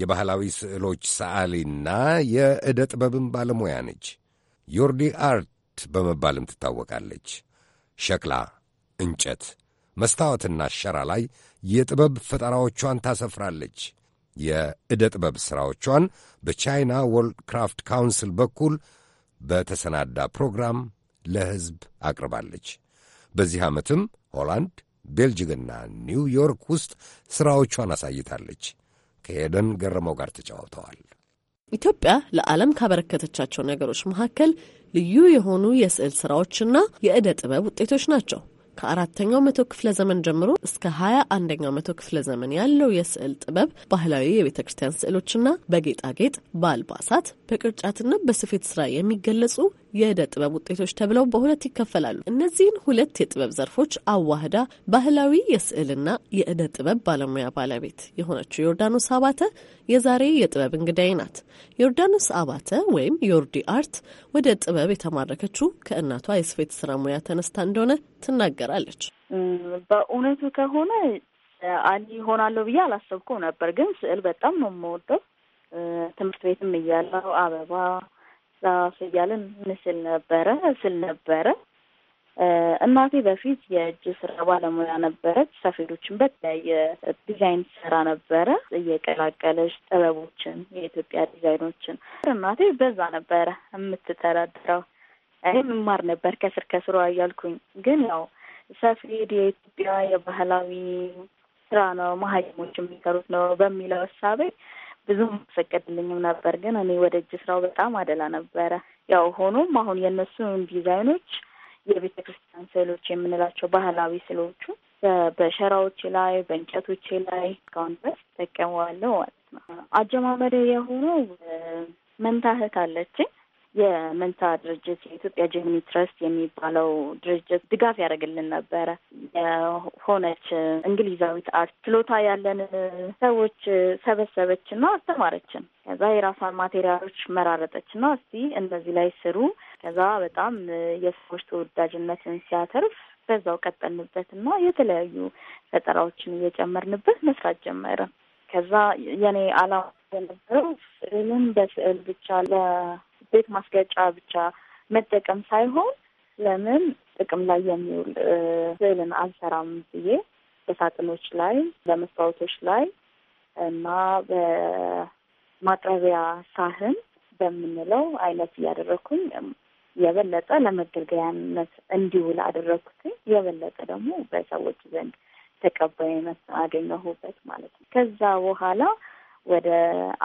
የባህላዊ ስዕሎች ሰዓሊና የዕደ ጥበብም ባለሙያ ነች። ዮርዲ አርት በመባልም ትታወቃለች። ሸክላ፣ እንጨት፣ መስታወትና ሸራ ላይ የጥበብ ፈጠራዎቿን ታሰፍራለች። የዕደ ጥበብ ሥራዎቿን በቻይና ወርልድ ክራፍት ካውንስል በኩል በተሰናዳ ፕሮግራም ለሕዝብ አቅርባለች። በዚህ ዓመትም ሆላንድ ቤልጅግና ኒውዮርክ ውስጥ ሥራዎቿን አሳይታለች። ከሄደን ገረመው ጋር ተጫውተዋል። ኢትዮጵያ ለዓለም ካበረከተቻቸው ነገሮች መካከል ልዩ የሆኑ የስዕል ስራዎችና የዕደ ጥበብ ውጤቶች ናቸው። ከአራተኛው መቶ ክፍለ ዘመን ጀምሮ እስከ ሀያ አንደኛው መቶ ክፍለ ዘመን ያለው የስዕል ጥበብ ባህላዊ የቤተ ክርስቲያን ስዕሎችና በጌጣጌጥ በአልባሳት፣ በቅርጫትና በስፌት ስራ የሚገለጹ የእደ ጥበብ ውጤቶች ተብለው በሁለት ይከፈላሉ። እነዚህን ሁለት የጥበብ ዘርፎች አዋህዳ ባህላዊ የስዕልና የእደ ጥበብ ባለሙያ ባለቤት የሆነችው ዮርዳኖስ አባተ የዛሬ የጥበብ እንግዳይ ናት። ዮርዳኖስ አባተ ወይም ዮርዲ አርት ወደ ጥበብ የተማረከችው ከእናቷ የስፌት ስራ ሙያ ተነስታ እንደሆነ ትናገራለች። በእውነቱ ከሆነ አሊ ይሆናለሁ ብዬ አላሰብኩም ነበር፣ ግን ስዕል በጣም ነው የምወደው። ትምህርት ቤትም እያለሁ አበባ ዛፍ እያለን ምስል ነበረ ስል ነበረ። እናቴ በፊት የእጅ ስራ ባለሙያ ነበረች። ሰፌዶችን በተለያየ ዲዛይን ስራ ነበረ እየቀላቀለች ጥበቦችን፣ የኢትዮጵያ ዲዛይኖችን እናቴ በዛ ነበረ የምትተዳድረው። እኔም እማር ነበር ከስር ከስሩ እያልኩኝ ግን ያው ሰፌድ የኢትዮጵያ የባህላዊ ስራ ነው፣ መሀይሞች የሚሰሩት ነው በሚለው እሳቤ ብዙም አልፈቀድልኝም ነበር። ግን እኔ ወደ እጅ ስራው በጣም አደላ ነበረ። ያው ሆኖም አሁን የእነሱን ዲዛይኖች የቤተ ክርስቲያን ስዕሎች የምንላቸው ባህላዊ ስዕሎቹ በሸራዎቼ ላይ በእንጨቶቼ ላይ እስካሁን ድረስ እጠቀመዋለሁ ማለት ነው። አጀማመዴ የሆነው መንታ እህት አለችኝ የመንታ ድርጅት የኢትዮጵያ ጀሚኒ ትረስት የሚባለው ድርጅት ድጋፍ ያደርግልን ነበረ። የሆነች እንግሊዛዊት አርት ችሎታ ያለን ሰዎች ሰበሰበችና አስተማረችን። ከዛ የራሷን ማቴሪያሎች መራረጠችና እስቲ እነዚህ ላይ ስሩ። ከዛ በጣም የሰዎች ተወዳጅነትን ሲያተርፍ በዛው ቀጠልንበትና የተለያዩ ፈጠራዎችን እየጨመርንበት መስራት ጀመረ። ከዛ የኔ አላማ የነበረው ስዕልን በስዕል ብቻ ቤት ማስጌጫ ብቻ መጠቀም ሳይሆን ለምን ጥቅም ላይ የሚውል ስዕልን አልሰራም ብዬ በሳጥኖች ላይ በመስታወቶች ላይ እና በማቅረቢያ ሳህን በምንለው አይነት እያደረግኩኝ የበለጠ ለመገልገያነት እንዲውል አደረግኩትኝ። የበለጠ ደግሞ በሰዎች ዘንድ ተቀባይነት አገኘሁበት ማለት ነው። ከዛ በኋላ ወደ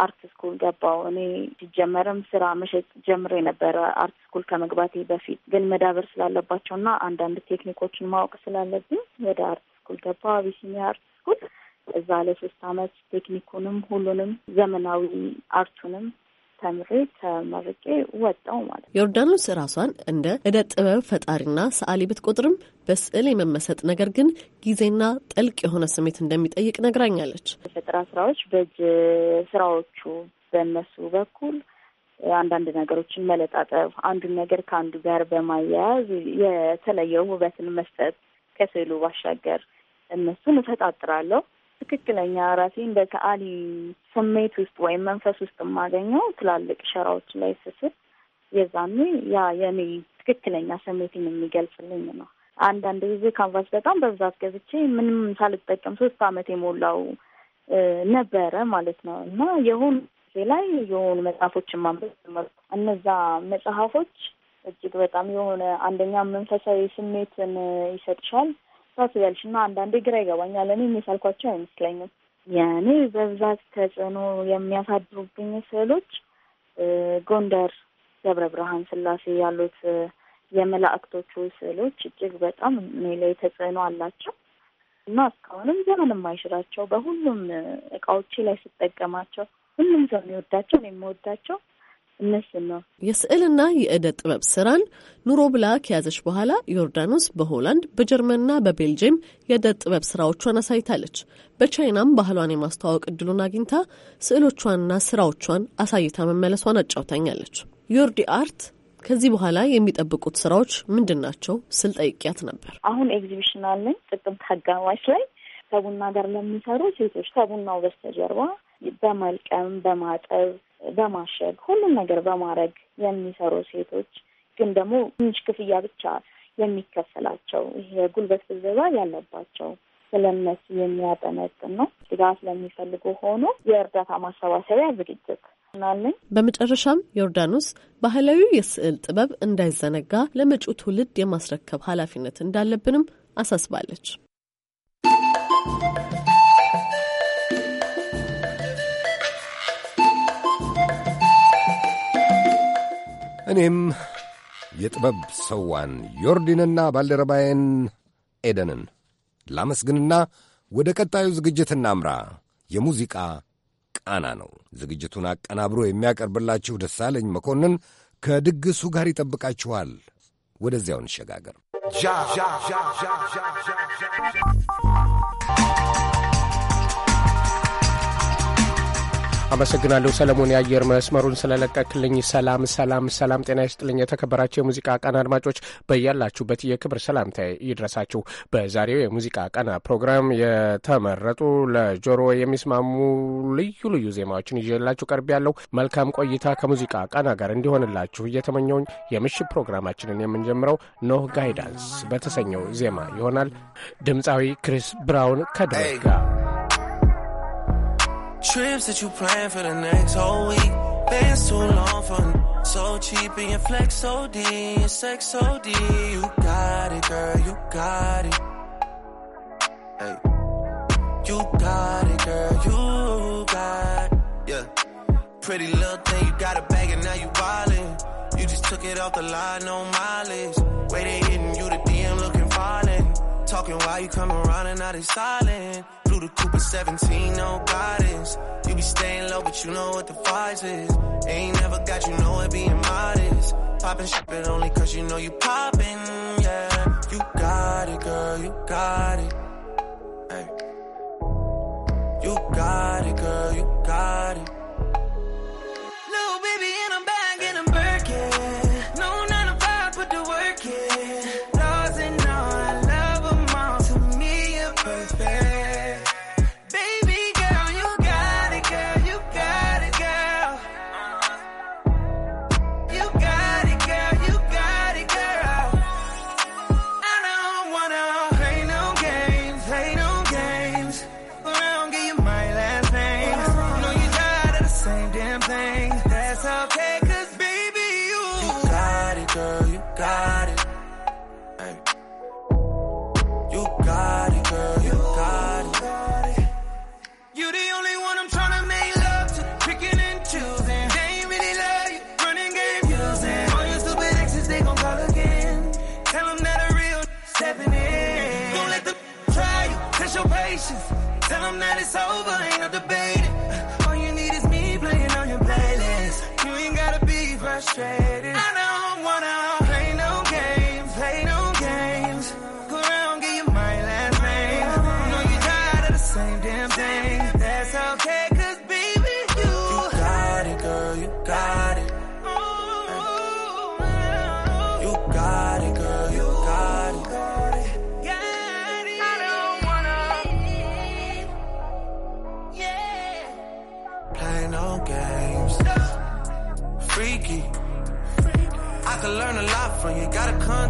አርት ስኩል ገባው። እኔ ሲጀመርም ስራ መሸጥ ጀምሮ የነበረ አርት ስኩል ከመግባቴ በፊት ግን መዳበር ና አንዳንድ ቴክኒኮችን ማወቅ ስላለብኝ ወደ አርት ስኩል ገባው። አቢሲኒያ አርት ስኩል እዛ ለሶስት አመት ቴክኒኩንም ሁሉንም ዘመናዊ አርቱንም ተምሬ ተመርቄ ወጣው ማለት ነው። ዮርዳኖስ ራሷን እንደ እደ ጥበብ ፈጣሪና ሰዓሊ ብትቆጥርም በስዕል የመመሰጥ ነገር ግን ጊዜና ጥልቅ የሆነ ስሜት እንደሚጠይቅ ነግራኛለች። የፈጠራ ስራዎች በእጅ ስራዎቹ በእነሱ በኩል አንዳንድ ነገሮችን መለጣጠብ፣ አንዱን ነገር ከአንዱ ጋር በማያያዝ የተለየ ውበትን መስጠት ከስዕሉ ባሻገር እነሱን እፈጣጥራለሁ። ትክክለኛ ራሴ እንደ ስሜት ውስጥ ወይም መንፈስ ውስጥ የማገኘው ትላልቅ ሸራዎች ላይ ስስል የዛኔ ያ የኔ ትክክለኛ ስሜትን የሚገልጽልኝ ነው። አንዳንድ ጊዜ ካንቫስ በጣም በብዛት ገዝቼ ምንም ሳልጠቀም ሶስት አመት የሞላው ነበረ ማለት ነው እና የሆኑ ጊዜ ላይ የሆኑ መጽሐፎችን ማንበብ ጀመርኩ። እነዛ መጽሐፎች እጅግ በጣም የሆነ አንደኛ መንፈሳዊ ስሜትን ይሰጥሻል ታስቢያለሽ እና አንዳንዴ ግራ ይገባኛል። እኔ የሚሳልኳቸው አይመስለኝም። የእኔ በብዛት ተጽዕኖ የሚያሳድሩብኝ ስዕሎች ጎንደር ደብረ ብርሃን ስላሴ ያሉት የመላእክቶቹ ስዕሎች እጅግ በጣም እኔ ላይ ተጽዕኖ አላቸው እና እስካሁንም ዘመን የማይሽራቸው በሁሉም እቃዎቼ ላይ ስጠቀማቸው ሁሉም ሰው የሚወዳቸው እኔ የምወዳቸው እነሱን ነው። የስዕልና የእደ ጥበብ ስራን ኑሮ ብላ ከያዘች በኋላ ዮርዳኖስ በሆላንድ በጀርመንና በቤልጅየም የእደ ጥበብ ስራዎቿን አሳይታለች። በቻይናም ባህሏን የማስተዋወቅ እድሉን አግኝታ ስዕሎቿንና ስራዎቿን አሳይታ መመለሷን አጫውታኛለች። ዮርዲ አርት ከዚህ በኋላ የሚጠብቁት ስራዎች ምንድን ናቸው ስል ጠይቂያት ነበር። አሁን ኤግዚቢሽን አለኝ ጥቅምት አጋማሽ ላይ ከቡና ጋር ለሚሰሩ ሴቶች ከቡናው በስተጀርባ በመልቀም፣ በማጠብ፣ በማሸግ ሁሉም ነገር በማድረግ የሚሰሩ ሴቶች ግን ደግሞ ትንሽ ክፍያ ብቻ የሚከፈላቸው ይሄ የጉልበት ብዝበዛ ያለባቸው ስለነሱ የሚያጠነጥን ነው። ድጋፍ ለሚፈልጉ ሆኖ የእርዳታ ማሰባሰቢያ ዝግጅት ናለኝ። በመጨረሻም ዮርዳኖስ ባህላዊ የስዕል ጥበብ እንዳይዘነጋ ለመጪው ትውልድ የማስረከብ ኃላፊነት እንዳለብንም አሳስባለች። እኔም የጥበብ ሰዋን ዮርዲንና ባልደረባዬን ኤደንን ላመስግንና ወደ ቀጣዩ ዝግጅት እናምራ። የሙዚቃ ቃና ነው። ዝግጅቱን አቀናብሮ የሚያቀርብላችሁ ደሳለኝ መኮንን ከድግሱ ጋር ይጠብቃችኋል። ወደዚያው እንሸጋገር። አመሰግናለሁ ሰለሞን፣ የአየር መስመሩን ስለለቀቅልኝ። ሰላም ሰላም ሰላም፣ ጤና ይስጥልኝ። የተከበራቸው የሙዚቃ ቀን አድማጮች በያላችሁበት የክብር ሰላምታ ይድረሳችሁ። በዛሬው የሙዚቃ ቀና ፕሮግራም የተመረጡ ለጆሮ የሚስማሙ ልዩ ልዩ ዜማዎችን ይዤላችሁ ያለው መልካም ቆይታ ከሙዚቃ ቀና ጋር እንዲሆንላችሁ እየተመኘውኝ የምሽት ፕሮግራማችንን የምንጀምረው ኖህ ጋይዳንስ በተሰኘው ዜማ ይሆናል። ድምፃዊ ክሪስ ብራውን ከድሮት ጋር Trips that you plan for the next whole week. Been too long for so cheap and your flex OD, your sex OD. You got it, girl, you got it. Hey, you got it, girl, you got it. Yeah, pretty little thing, you got a bag and now you wildin'. You just took it off the line, no mileage. Waiting, hitting you the DM, looking violent. Talking while you come around and now they silent the Cooper 17, no guidance. You be staying low, but you know what the price is. Ain't never got you know it being modest. Poppin' shit, but only cause you know you poppin', yeah. You got it, girl, you got it. Hey. You got it, girl, you got it. it's over, ain't no debating. All you need is me playing on your playlist. You ain't gotta be frustrated.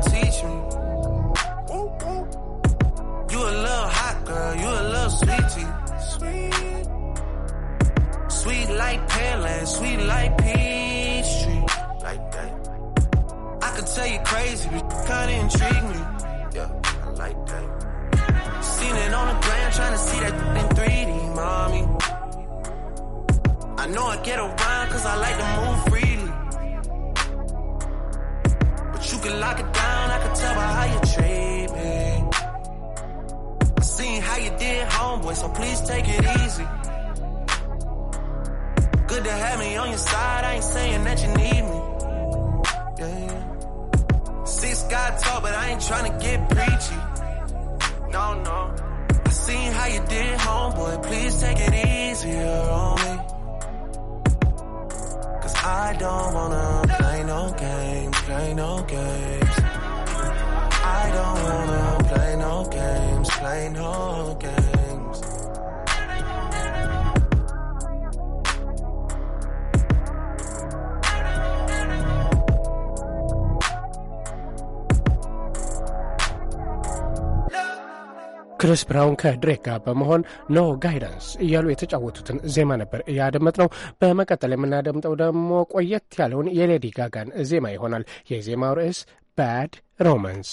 teach me. You a little hot girl, you a little sweetie. Sweet, sweet like and sweet like tree. Like that. I could tell you crazy, but you kinda intrigue me. Yeah, I like that. Seen it on the gram, trying to see that in 3D, mommy. I know I get around cause I like to move freely. But you can lock it highway, so please take it easy. Good to have me on your side, I ain't saying that you need me. Yeah, yeah. Six got tall, but I ain't trying to get preachy. No, no. I seen how you did, homeboy, please take it easier on me. Cause I don't wanna play no games, play no games. I don't wanna play no games, play no games. ክሪስ ብራውን ከድሬክ ጋር በመሆን ኖ ጋይዳንስ እያሉ የተጫወቱትን ዜማ ነበር ነው በመቀጠል የምናደምጠው ደግሞ ቆየት ያለውን የሌዲ ጋጋን ዜማ ይሆናል። የዜማው ርዕስ ባድ ሮማንስ።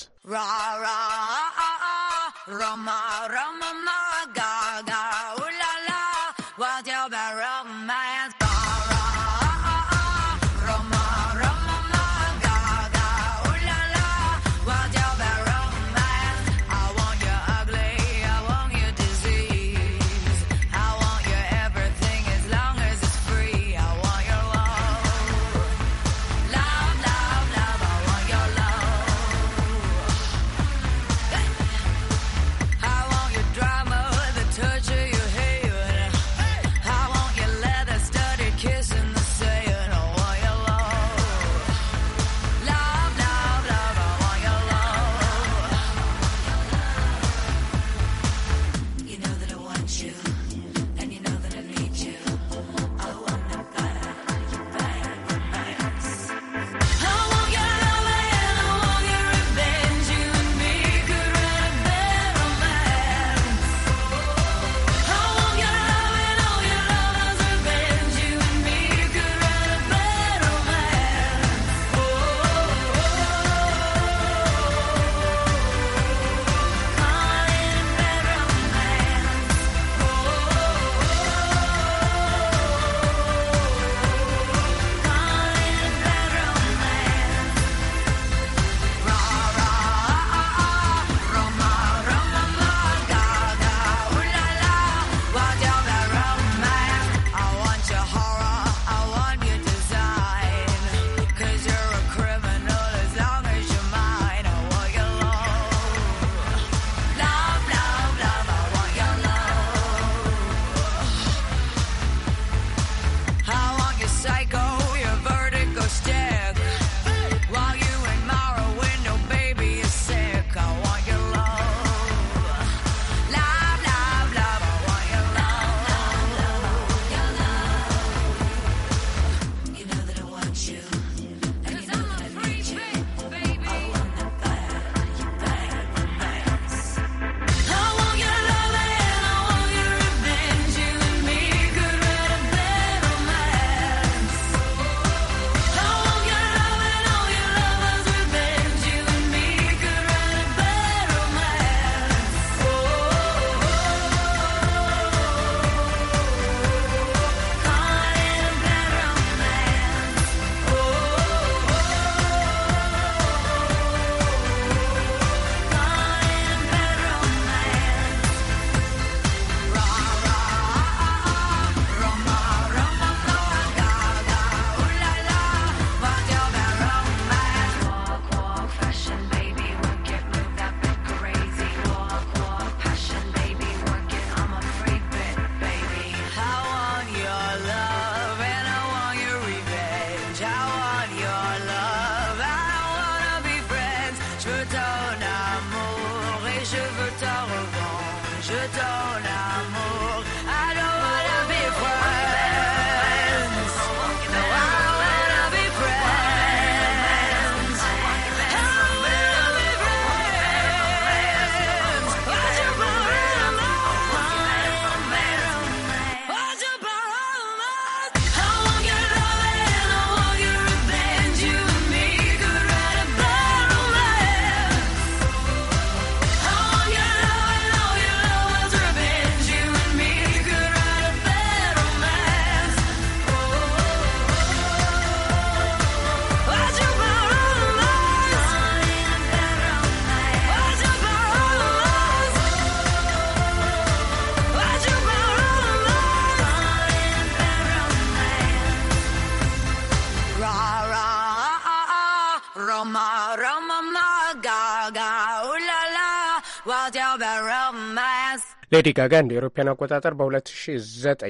ሌዲ ጋጋ እንደ ኤሮፓያን አቆጣጠር በ2009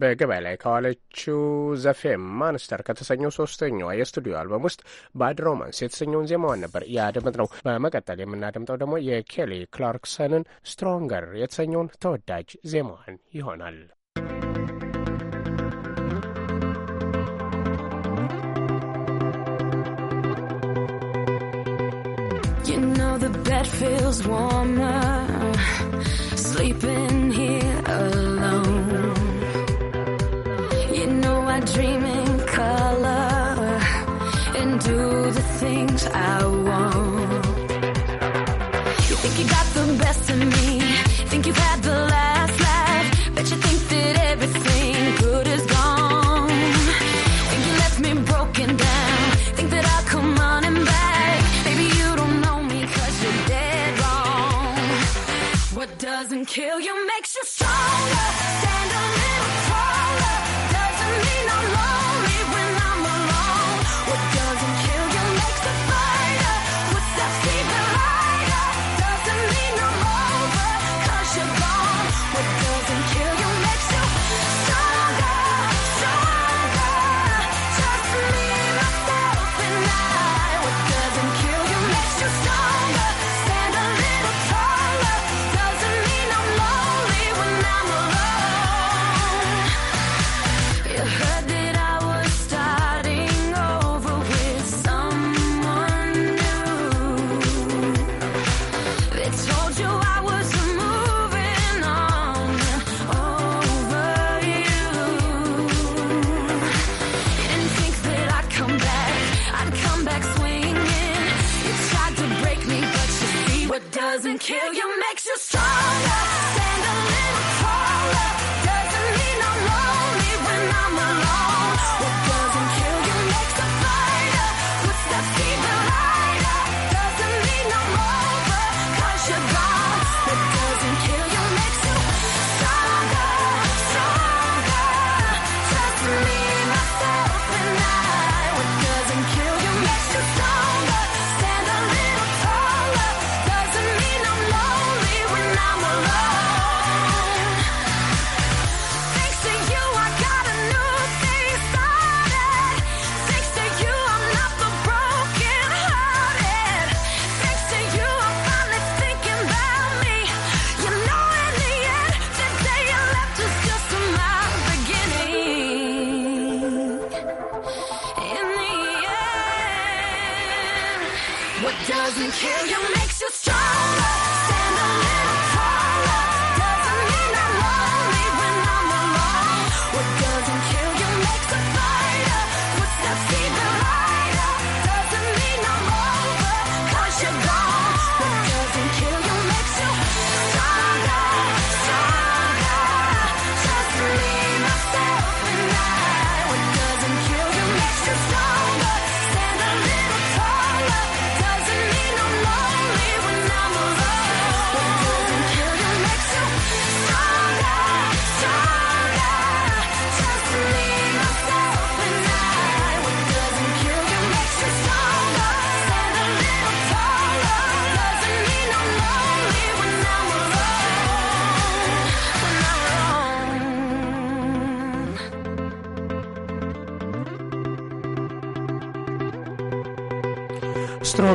በገበያ ላይ ከዋለችው ዘፌ ማንስተር ከተሰኘው ሶስተኛዋ የስቱዲዮ አልበም ውስጥ ባድ ሮማንስ የተሰኘውን ዜማዋን ነበር ያደምጥ ነው። በመቀጠል የምናደምጠው ደግሞ የኬሊ ክላርክሰንን ስትሮንገር የተሰኘውን ተወዳጅ ዜማዋን ይሆናል። You know the bed feels warmer open kill you makes you stronger.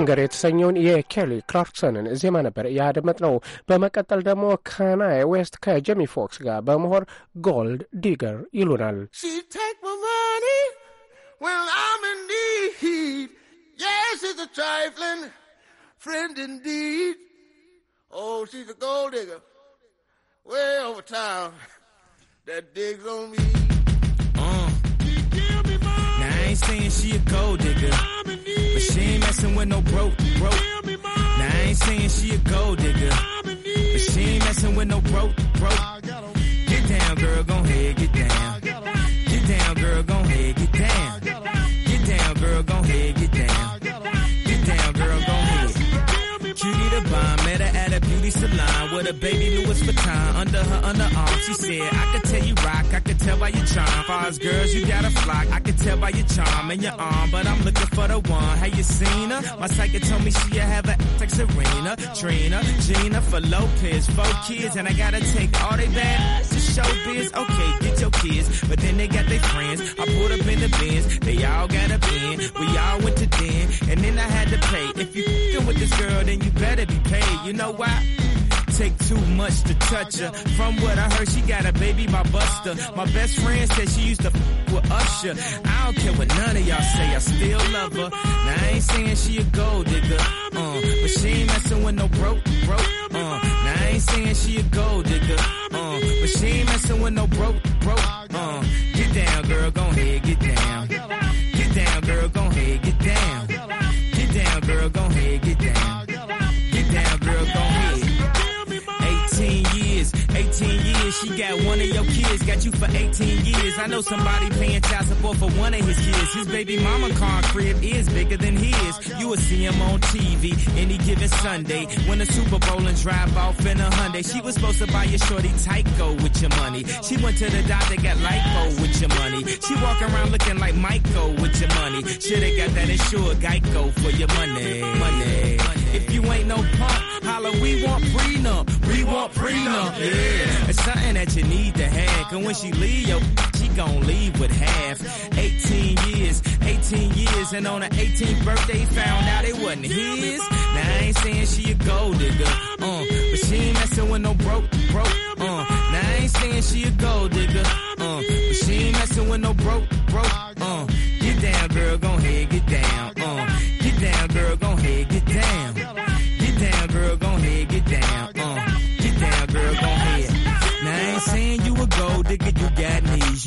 ሃንገር የተሰኘውን የኬሊ ክላርክሰንን ዜማ ነበር ያደመጥነው። በመቀጠል ደግሞ ካናይ ዌስት ከጄሚ ፎክስ ጋር በመሆር ጎልድ ዲገር ይሉናል። Friend indeed. Oh, she's a gold digger. Way over time. That digs on me. Uh. I ain't saying she a gold digger messing with no broke, broke. Now I ain't saying she a gold digger, but she ain't messing with no broke, broke. Get down, girl, gon' head with a baby Louis Vuitton under her underarm. She said, I could tell you rock, I could tell by your charm. Far girls, you got a flock, I could tell by your charm and your arm. But I'm looking for the one. Have you seen her? My psychic told me she have a like Serena, Trina, Gina for Lopez, four kids, and I gotta take all they bad to show biz. Okay, get your kids, but then they got their friends. I pulled up in the bins, they all got a bin. We all went to den, and then I had to pay. If you f***ing with this girl, then you better be paid. You know why? take too much to touch her. From what I heard, she got a baby by Buster. My best friend said she used to f with Usher. I don't care what none of y'all say, I still love her. Now I ain't saying she a gold digger, uh, but she ain't messing with no broke, broke, uh. Now I ain't saying she a gold digger, uh, but she ain't messing with no broke, broke, uh. Get down, girl, go ahead, get down. 18 years. She got one of your kids, got you for 18 years. I know somebody paying child support for one of his kids. His baby mama car crib is bigger than his. You will see him on TV any given Sunday. Win a Super Bowl and drive off in a Hyundai. She was supposed to buy your shorty Tyco with your money. She went to the doctor, got Lyco with your money. She walk around looking like Michael with your money. Should've got that insured Geico for your money. Money. money. If you ain't no punk, holla, we want prenup. We want prenup. Yeah. It's something that you need to have. Cause when she leave, yo, she gon' leave with half. 18 years, 18 years, and on her 18th birthday, found out it wasn't his. Now I ain't saying she a gold digger, uh, but she ain't messing with no broke, broke, uh. Now I ain't saying she a gold digger, uh, but she ain't messing with no broke, broke, uh. Get down, girl, gon' head, get down, uh. Get down, girl, gon' head, get down.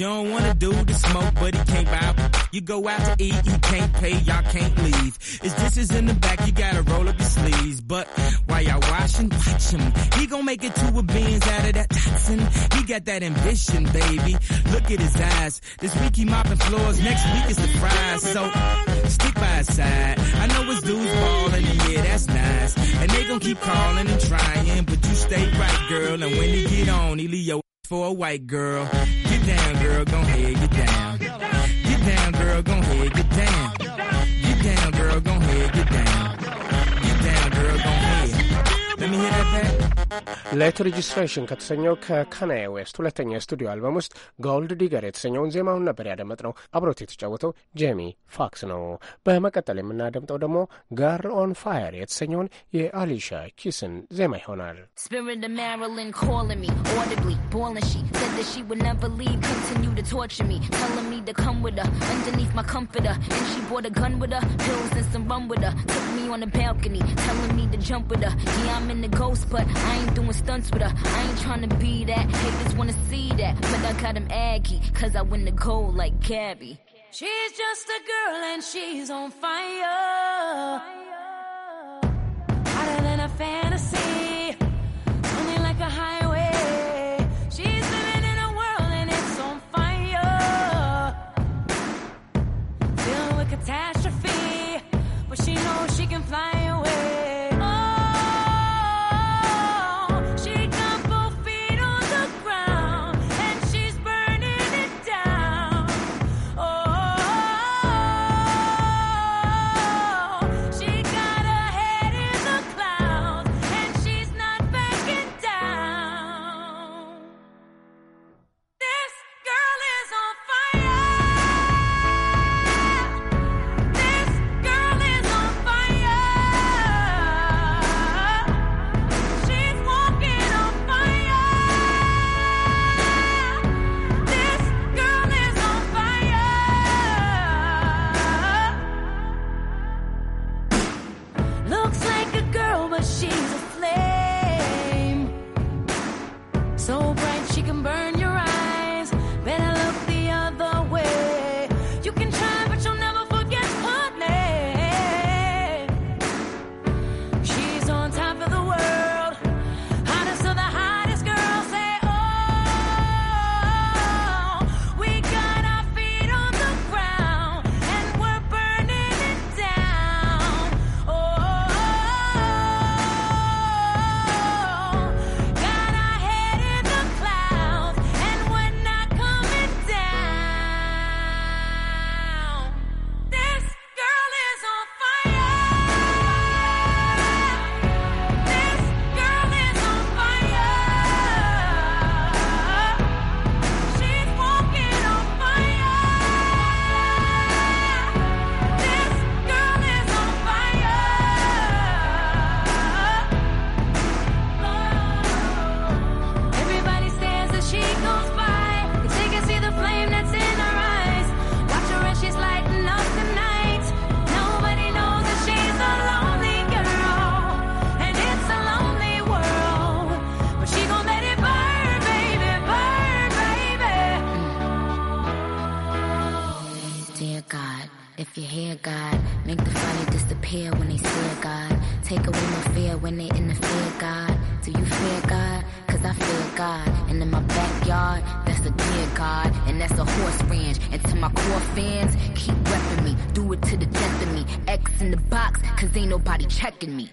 You don't wanna do the smoke, but he can't buy. You go out to eat, he can't pay, y'all can't leave. His dishes in the back, you gotta roll up your sleeves. But while y'all washing, watch him. He gon' make it to a beans out of that toxin. He got that ambition, baby. Look at his eyes. This week he mopping floors, next week is the fries. So stick by his side. I know his dudes ballin', yeah, that's nice. And they gon' keep calling and trying, but you stay right, girl. And when he get on, he leave your for a white girl down, girl, gon' head, get down. Get down, girl, gon' head, get down. Get down, girl, gon' head, get down. Get down, girl, gon' head. Let me hear that back. Later registration ሌት ሬጂስትሬሽን ከተሰኘው ከካናዬ ዌስት ሁለተኛ የስቱዲዮ አልበም ውስጥ ጎልድ ዲገር የተሰኘውን ዜማውን ነበር ያደመጥነው። አብሮት የተጫወተው ጄሚ ፋክስ ነው። በመቀጠል የምናደምጠው ደግሞ ገርል ኦን ፋየር የተሰኘውን የአሊሻ Alicia ዜማ ይሆናል። Spirit of Maryland calling me audibly, boiling she said that she would never leave, continue to torture me, telling me to come with her, underneath my comforter, and she brought a gun with her, pills and some rum with her, took me on the balcony, telling me to jump with her, yeah I'm in the ghost but I ain't doing stunts with her. I ain't trying to be that. Haters wanna see that. But I got him aggy, cause I win the gold like Gabby. She's just a girl and she's on fire. Hotter than a fantasy. God. If you hear God, make the folly disappear when they fear God. Take away my fear when they interfere, God. Do you fear God? Cause I fear God. And in my backyard, that's a dear God. And that's a horse ranch. And to my core fans, keep repping me. Do it to the death of me. X in the box, cause ain't nobody checking me.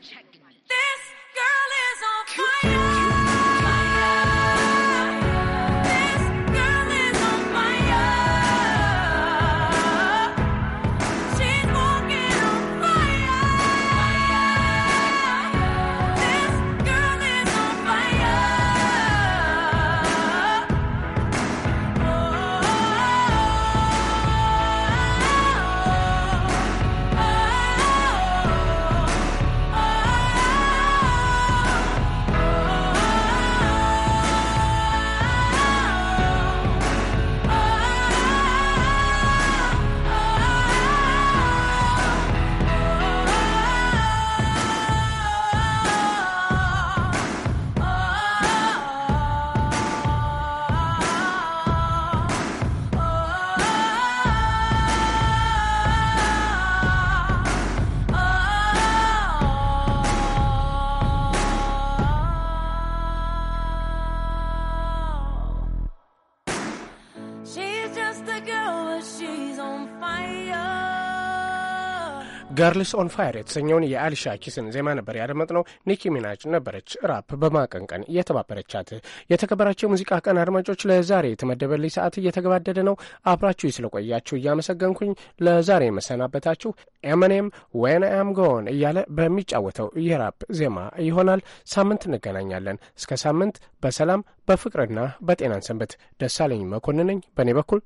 ጋርልስ ኦን ፋየር የተሰኘውን የአሊሻ ኪስን ዜማ ነበር ያደመጥነው። ኒኪ ሚናጅ ነበረች ራፕ በማቀንቀን እየተባበረቻት። የተከበራቸው የሙዚቃ ቀን አድማጮች፣ ለዛሬ የተመደበልኝ ሰዓት እየተገባደደ ነው። አብራችሁ ስለቆያችሁ እያመሰገንኩኝ ለዛሬ መሰናበታችሁ ኤምኔም ዌን አም ጎን እያለ በሚጫወተው የራፕ ዜማ ይሆናል። ሳምንት እንገናኛለን። እስከ ሳምንት በሰላም በፍቅርና በጤናን ሰንበት። ደሳለኝ መኮንን ነኝ። በእኔ በኩል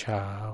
ቻው።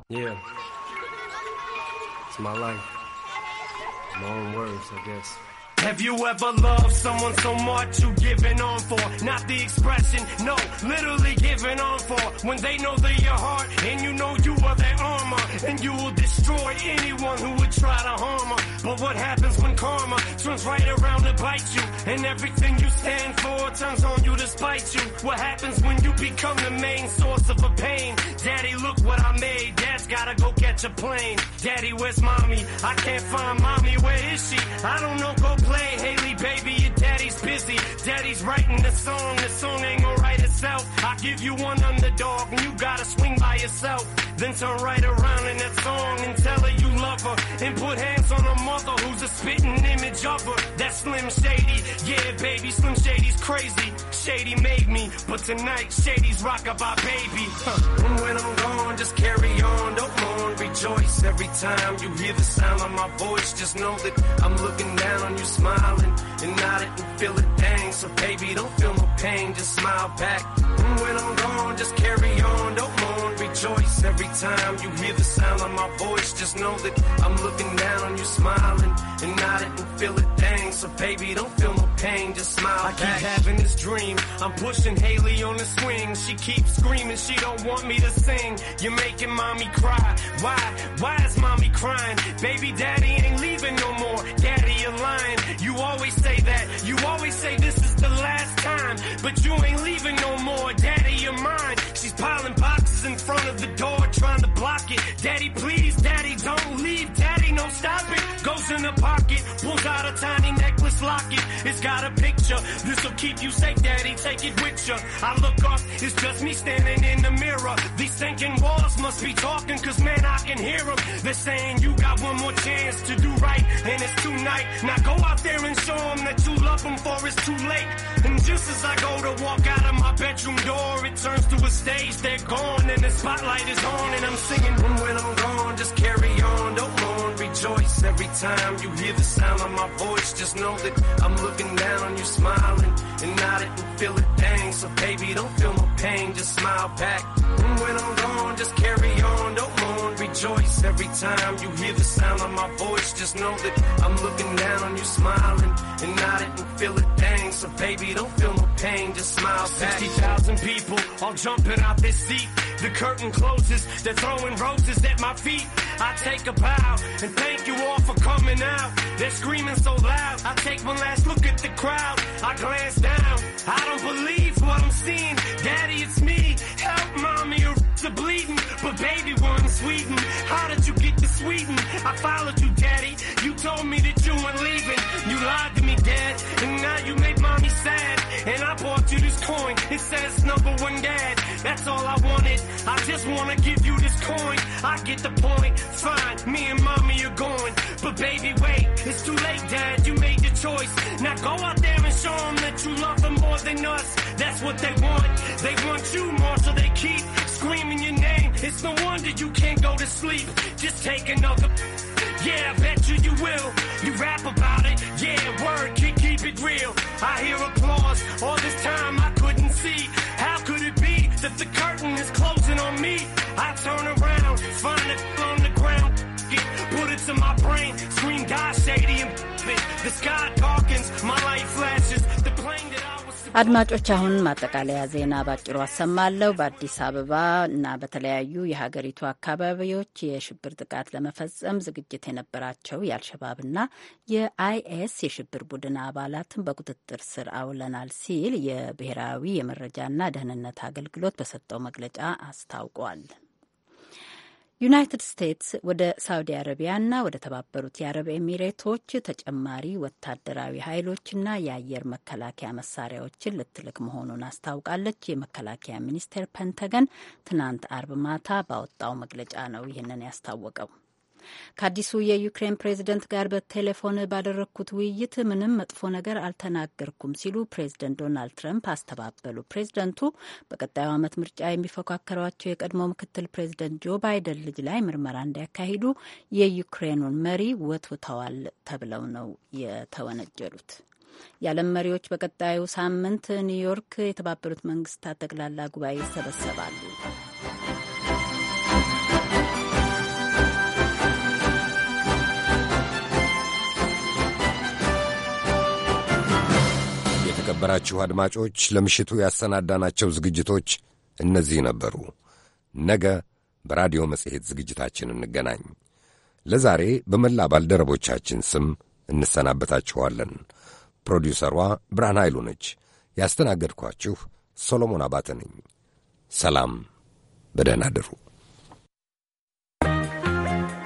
Long words, I guess. Have you ever loved someone so much you giving on for? Not the expression, no, literally giving on for. When they know they're your heart and you know you are their armor, and you will destroy anyone who would try to harm her. But what happens when karma turns right around to bite you? And everything you stand for turns on you to spite you. What happens when you become the main source of a pain? Daddy, look what I made. Dad's gotta go catch a plane. Daddy, where's mommy? I can't find mommy. Where is she? I don't know. Go play. Haley, baby, your daddy's busy. Daddy's writing the song. The song ain't gonna write itself. I give you one underdog, and you gotta swing by yourself. Then turn right around in that song and tell her you love her. And put hands on her mother, who's a spitting image of her. That Slim Shady. Yeah, baby, Slim Shady's crazy. Shady made me, but tonight Shady's rockin' by baby. Huh. And when I'm gone, just carry on, don't mourn, rejoice. Every time you hear the sound of my voice, just know that I'm looking down on you smiling and I didn't feel a thing. So baby, don't feel no pain, just smile back. And mm, when I'm gone, just carry on, don't mourn, rejoice. Every time you hear the sound of my voice, just know that I'm looking down on you, smiling and I didn't feel a thing. So baby, don't feel no pain, just smile I back. keep having this dream. I'm pushing Haley on the swing. She keeps screaming, she don't want me to sing. You're making mommy cry. Why? Why is mommy crying? Baby, daddy ain't leaving no more. Daddy you're lying. You always say that. You always say this is the last time. But you ain't leaving no more. Daddy, you're mine. She's piling boxes in front of the door, trying to block it. Daddy, please, daddy, don't leave. Daddy, no stop it. Goes in the pocket, pulls out a tiny necklace locket. It's got a picture. This'll keep you safe, daddy. Take it with you. I look up, it's just me standing in the mirror. These sinking walls must be talking, cause man, I can hear them. They're saying you one more chance to do right, and it's tonight. Now go out there and show them that you love them for it's too late. And just as I go to walk out of my bedroom door, it turns to a stage. They're gone, and the spotlight is on, and I'm singing. And when I'm gone, just carry on, don't mourn, rejoice. Every time you hear the sound of my voice, just know that I'm looking down on you, smiling, and not it and feel it dang. So baby, don't feel no pain, just smile back. And when I'm gone, just carry on, don't mourn, rejoice. Every time you hear the sound of my voice, just know that I'm looking down on you, smiling. And I didn't feel a thing, so baby, don't feel no pain, just smile. 60,000 people all jumping out their seat. The curtain closes, they're throwing roses at my feet. I take a bow and thank you all for coming out. They're screaming so loud. I take one last look at the crowd. I glance down. I don't believe what I'm seeing. Daddy, it's me. Help mommy you the bleeding. But baby, Sweden. How did you get to Sweden? I followed you, daddy. You told me that you weren't leaving. You lied to me, dad. And now you made mommy sad. And I bought you this coin. It says number one dad. That's all I wanted. I just wanna give you this coin. I get the point. Fine, me and mommy are going. But baby, wait, it's too late, dad. You made choice. Now go out there and show them that you love them more than us. That's what they want. They want you more, so they keep screaming your name. It's no wonder you can't go to sleep. Just take another. Yeah, I bet you you will. You rap about it. Yeah, word, keep it real. I hear applause all this time. አድማጮች አሁን ማጠቃለያ ዜና ባጭሩ አሰማለሁ። በአዲስ አበባ እና በተለያዩ የሀገሪቱ አካባቢዎች የሽብር ጥቃት ለመፈጸም ዝግጅት የነበራቸው የአልሸባብና የአይኤስ የሽብር ቡድን አባላትን በቁጥጥር ስር አውለናል ሲል የብሔራዊ የመረጃና ደህንነት አገልግሎት በሰጠው መግለጫ አስታውቋል። ዩናይትድ ስቴትስ ወደ ሳውዲ አረቢያና ወደ ተባበሩት የአረብ ኤሚሬቶች ተጨማሪ ወታደራዊ ኃይሎችና የአየር መከላከያ መሳሪያዎችን ልትልክ መሆኑን አስታውቃለች። የመከላከያ ሚኒስቴር ፔንተገን ትናንት አርብ ማታ ባወጣው መግለጫ ነው ይህንን ያስታወቀው። ከአዲሱ የዩክሬን ፕሬዝደንት ጋር በቴሌፎን ባደረግኩት ውይይት ምንም መጥፎ ነገር አልተናገርኩም ሲሉ ፕሬዝደንት ዶናልድ ትረምፕ አስተባበሉ። ፕሬዝደንቱ በቀጣዩ ዓመት ምርጫ የሚፎካከሯቸው የቀድሞ ምክትል ፕሬዝደንት ጆ ባይደን ልጅ ላይ ምርመራ እንዲያካሂዱ የዩክሬኑን መሪ ወትውተዋል ተብለው ነው የተወነጀሉት። የዓለም መሪዎች በቀጣዩ ሳምንት ኒውዮርክ የተባበሩት መንግስታት ጠቅላላ ጉባኤ ይሰበሰባሉ። የተከበራችሁ አድማጮች ለምሽቱ ያሰናዳናቸው ዝግጅቶች እነዚህ ነበሩ። ነገ በራዲዮ መጽሔት ዝግጅታችን እንገናኝ። ለዛሬ በመላ ባልደረቦቻችን ስም እንሰናበታችኋለን። ፕሮዲውሰሯ ብርሃን ኃይሉ ነች። ያስተናገድኳችሁ ሰሎሞን አባተ ነኝ። ሰላም፣ በደህና አደሩ።